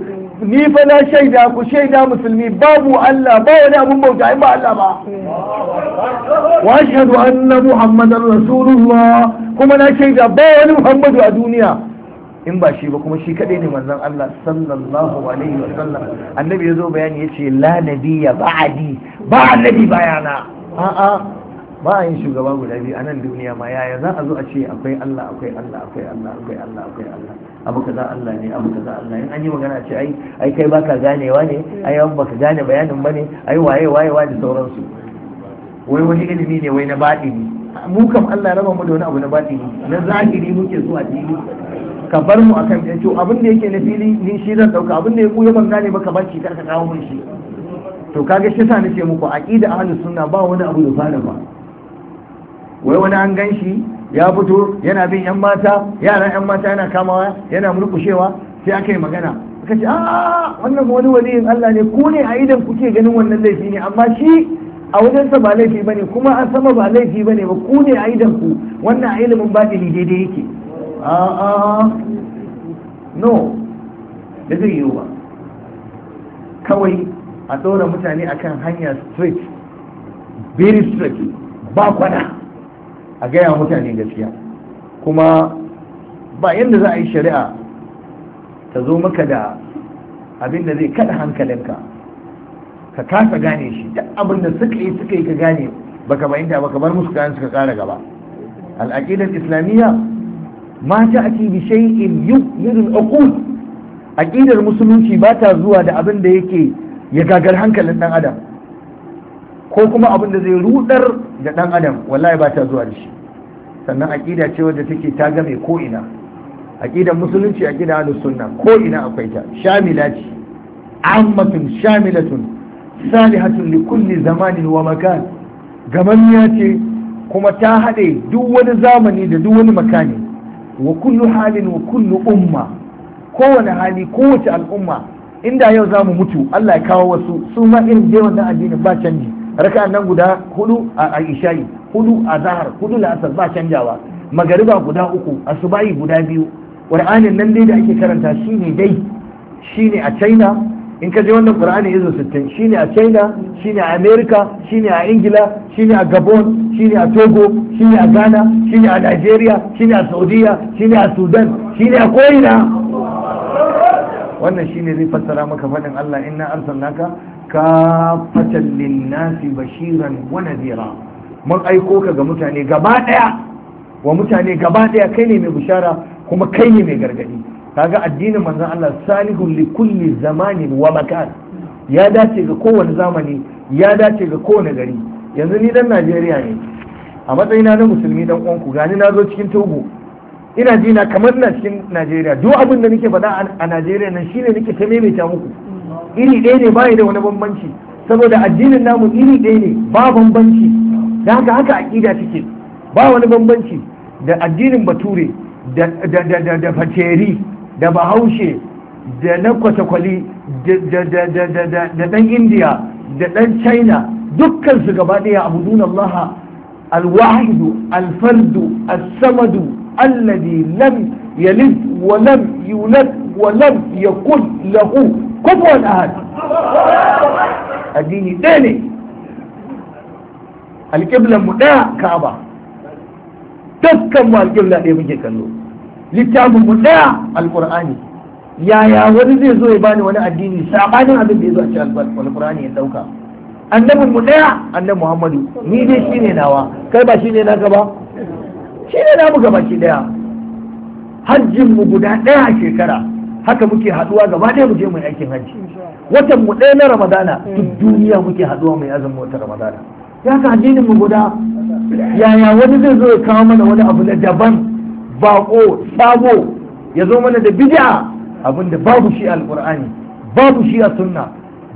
[SPEAKER 1] ni fa na shaida ku shaida musulmi babu Allah ba wani abun bauta in ba Allah
[SPEAKER 2] ba wa ashhadu
[SPEAKER 1] anna muhammadan rasulullah kuma na shaida ba wani muhammadu a duniya in ba shi ba kuma shi kadai ne manzon Allah sallallahu alaihi wa sallam annabi yazo bayani yace la nabiyya ba'adi ba annabi bayana a'a ba a yin shugaba guda biyu a nan duniya ma yaya za a zo a ce akwai Allah akwai Allah akwai Allah akwai Allah akwai Allah abu kaza Allah ne abu kaza Allah in an yi magana ce ai ai kai baka ganewa ne ai an baka gane bayanin bane ai waye waye wa da sauransu wai wani ilimi ne wai na batini mu kam Allah raba mu da wani abu na ne. na zahiri muke zuwa dini ka bar mu akan ɗaya eh, to abin da yake na fili ni shi zan ɗauka abin da ya kuya ban gane ba ka bar shi kar ka kawo mun shi to kaga shi sa nace muku aqida ahlus suna ba wani abu da fara ba wai wani an gan shi ya fito yana bin yan mata yaran yan mata yana kamawa yana murkushewa sai aka yi magana aka ce a wannan wani waliyin Allah ne ku ne a idan kuke ganin wannan laifi ne amma shi a wajensa ba laifi bane kuma an sama ba laifi bane ba ku ne a idan ku wannan a ilimin ni daidai yake a'a no da zai yiwu ba kawai a ɗora mutane akan hanya straight very straight ba kwana a gaya mutane gaskiya kuma ba yadda za a yi shari'a ta zo maka da abin da zai kada hankalinka ka kasa gane shi duk abin da suka yi suka yi ka gane baka bayanta baka bar musu kayan suka kara gaba al'aqidar islamiyya Mata ta'ati bi shay'in yughyiru al-uqul Aƙidar musulunci ba ta zuwa da abin da yake ya gagar hankalin dan adam ko kuma abin da zai rudar da ɗan adam wallahi ba ta zuwa da shi sannan aqida ce wadda take ta game ko ina aqidar musulunci aqida ahlus sunna ko ina akwai ta shamila ce ammatun shamilatun salihatun li kulli zamanin wa makan gamammiya ce kuma ta haɗe duk wani zamani da duk wani makani wa kullu halin wa kullu umma kowane hali kowace al'umma inda yau za mu mutu Allah ya kawo wasu su ma irin dai na addinin ba canji raka'an nan guda hudu a isha'i hudu a zahar hudu la'asar ba canjawa magariba guda uku asubahi guda biyu qur'anin nan dai da ake karanta shine dai shine a china in ka je wannan qur'ani izu 60 shine a china shine a america shine a ingila shine a gabon shine a togo shine a ghana shine a nigeria shine a saudiya shine a sudan shine a ko'ina wannan shine zai fassara maka faɗin allah inna arsalnaka kafatan linnasi bashiran wa nadira mun aiko ka ga mutane gaba daya wa mutane gaba daya kai ne mai bishara kuma kai ne mai gargadi kaga addinin manzon Allah salihun li kulli zamanin wa makan ya dace ga kowane zamani ya dace ga kowane gari yanzu ni dan Najeriya ne a matsayina na musulmi dan uwanku gani na zo cikin Togo ina jina kamar na cikin Najeriya duk abin da nake faɗa a Najeriya nan shine nake ta maimaita muku iri ɗaya ne bai da wani bambanci saboda addinin namu iri ɗaya ne ba bambanci da haka haka aqida take ba wani bambanci da addinin bature da da da da fateri da bahaushe da na kwatakwali da ɗan indiya da ɗan china dukkan su gaba ɗaya abu dunallaha alwahidu alfardu alsamadu alladhi lam yalid wa lam yulad wa lam yakul lahu kufuwan ahad addini ɗaya ne alƙiblan mu ɗaya ka'aba dukkan mu alƙibla ɗaya muke kallo littafin mu daya alqur'ani yaya wani zai zo ya bani wani addini sabanin abin da ya zo a cikin alqur'ani ya dauka annabin mu daya annabi muhammadu ni dai shine nawa kai ba shine naka ba shine namu gaba shi daya hajjin mu guda daya a shekara haka muke haduwa gaba daya mu je mu aikin hajji watan mu ɗaya na ramadana duk duniya muke haduwa mai azumin wata ramadana ya ka addinin mu guda yaya wani zai zo ya kawo mana wani abu na daban bako sabo ya zo mana da bid'a abinda babu shi alqur'ani babu shi a sunna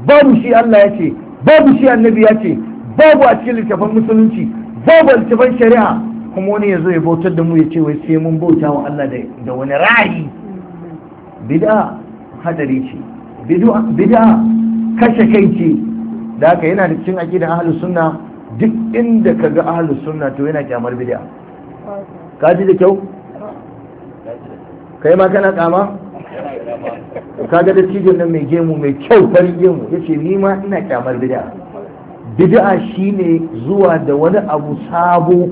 [SPEAKER 1] babu shi Allah ya ce babu shi annabi ya ce babu a cikin littafin musulunci babu a littafin shari'a kuma wani ya zo ya bautar da mu ya ce wai sai mun bauta wa Allah da wani ra'ayi bid'a hadari ce bid'a kashe kai ce da haka yana da cikin aqidar ahlus sunna duk inda kaga ahlus sunna to yana kyamar bid'a ka ji da kyau kai ma kana kama kaga da cijin nan mai gemu mai kyau farin gemu Ya ce ni ma ina kyamar bid'a bid'a shine zuwa da wani abu sabo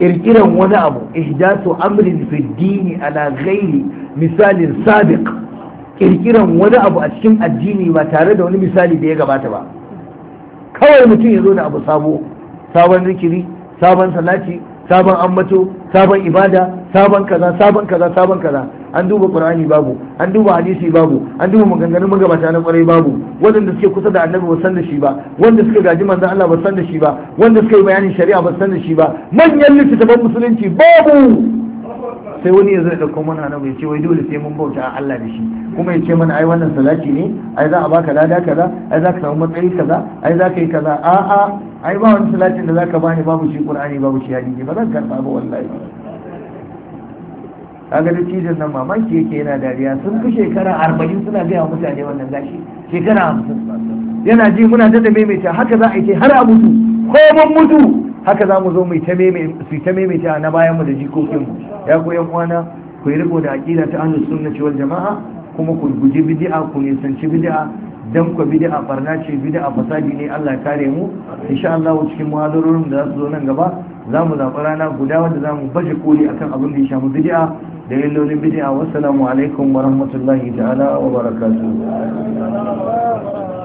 [SPEAKER 1] irkiran wani abu ihdatu amrin fi dini ala ghairi misalin sabiq Ƙirƙiran wani abu a cikin addini ba tare da wani misali da ya gabata ba kawai mutum ya zo da abu sabo sabon zikiri sabon salati sabon ambato sabon ibada sabon kaza sabon kaza sabon kaza an duba qur'ani babu an duba hadisi babu an duba maganganun magabata na kwarai babu wanda suke kusa da annabi ba san da shi ba wanda suka gaji manzon Allah ba san da shi ba wanda suka yi bayanin shari'a ba san da shi ba manyan littattafan musulunci babu sai wani ya zai ɗauko mana annabi ya ce wai dole sai mun bauta a Allah da shi kuma ya ce mana ai wannan salati ne ai za a baka lada kaza ai za ka samu matsayi kaza ai za ka yi kaza a a ai ba wani salatin da za ka bani babu shi qur'ani babu shi hadisi ba zan karɓa ba wallahi kaga da cizon nan mamaki yake yana dariya sun fi shekara arba'in suna gaya mutane wannan gashi shekara hamsin yana ji muna da maimaita haka za a yi har a mutu ko mun mutu haka za mu zo mu su ta maimaita na bayan mu da jikokin ya ku yan uwana ku yi riko da aqida ta ahlus sunnati wal jamaa kuma ku guji bid'a ku nisanci bid'a dan ku bid'a barna ce bid'a fasadi ne Allah ya kare mu insha Allah cikin muhadarorin da za su zo nan gaba za mu zaɓi rana guda wanda za mu baje koli akan abin da ya shafi bid'a da illolin bid'a wassalamu alaikum wa rahmatullahi ta'ala wa barakatuh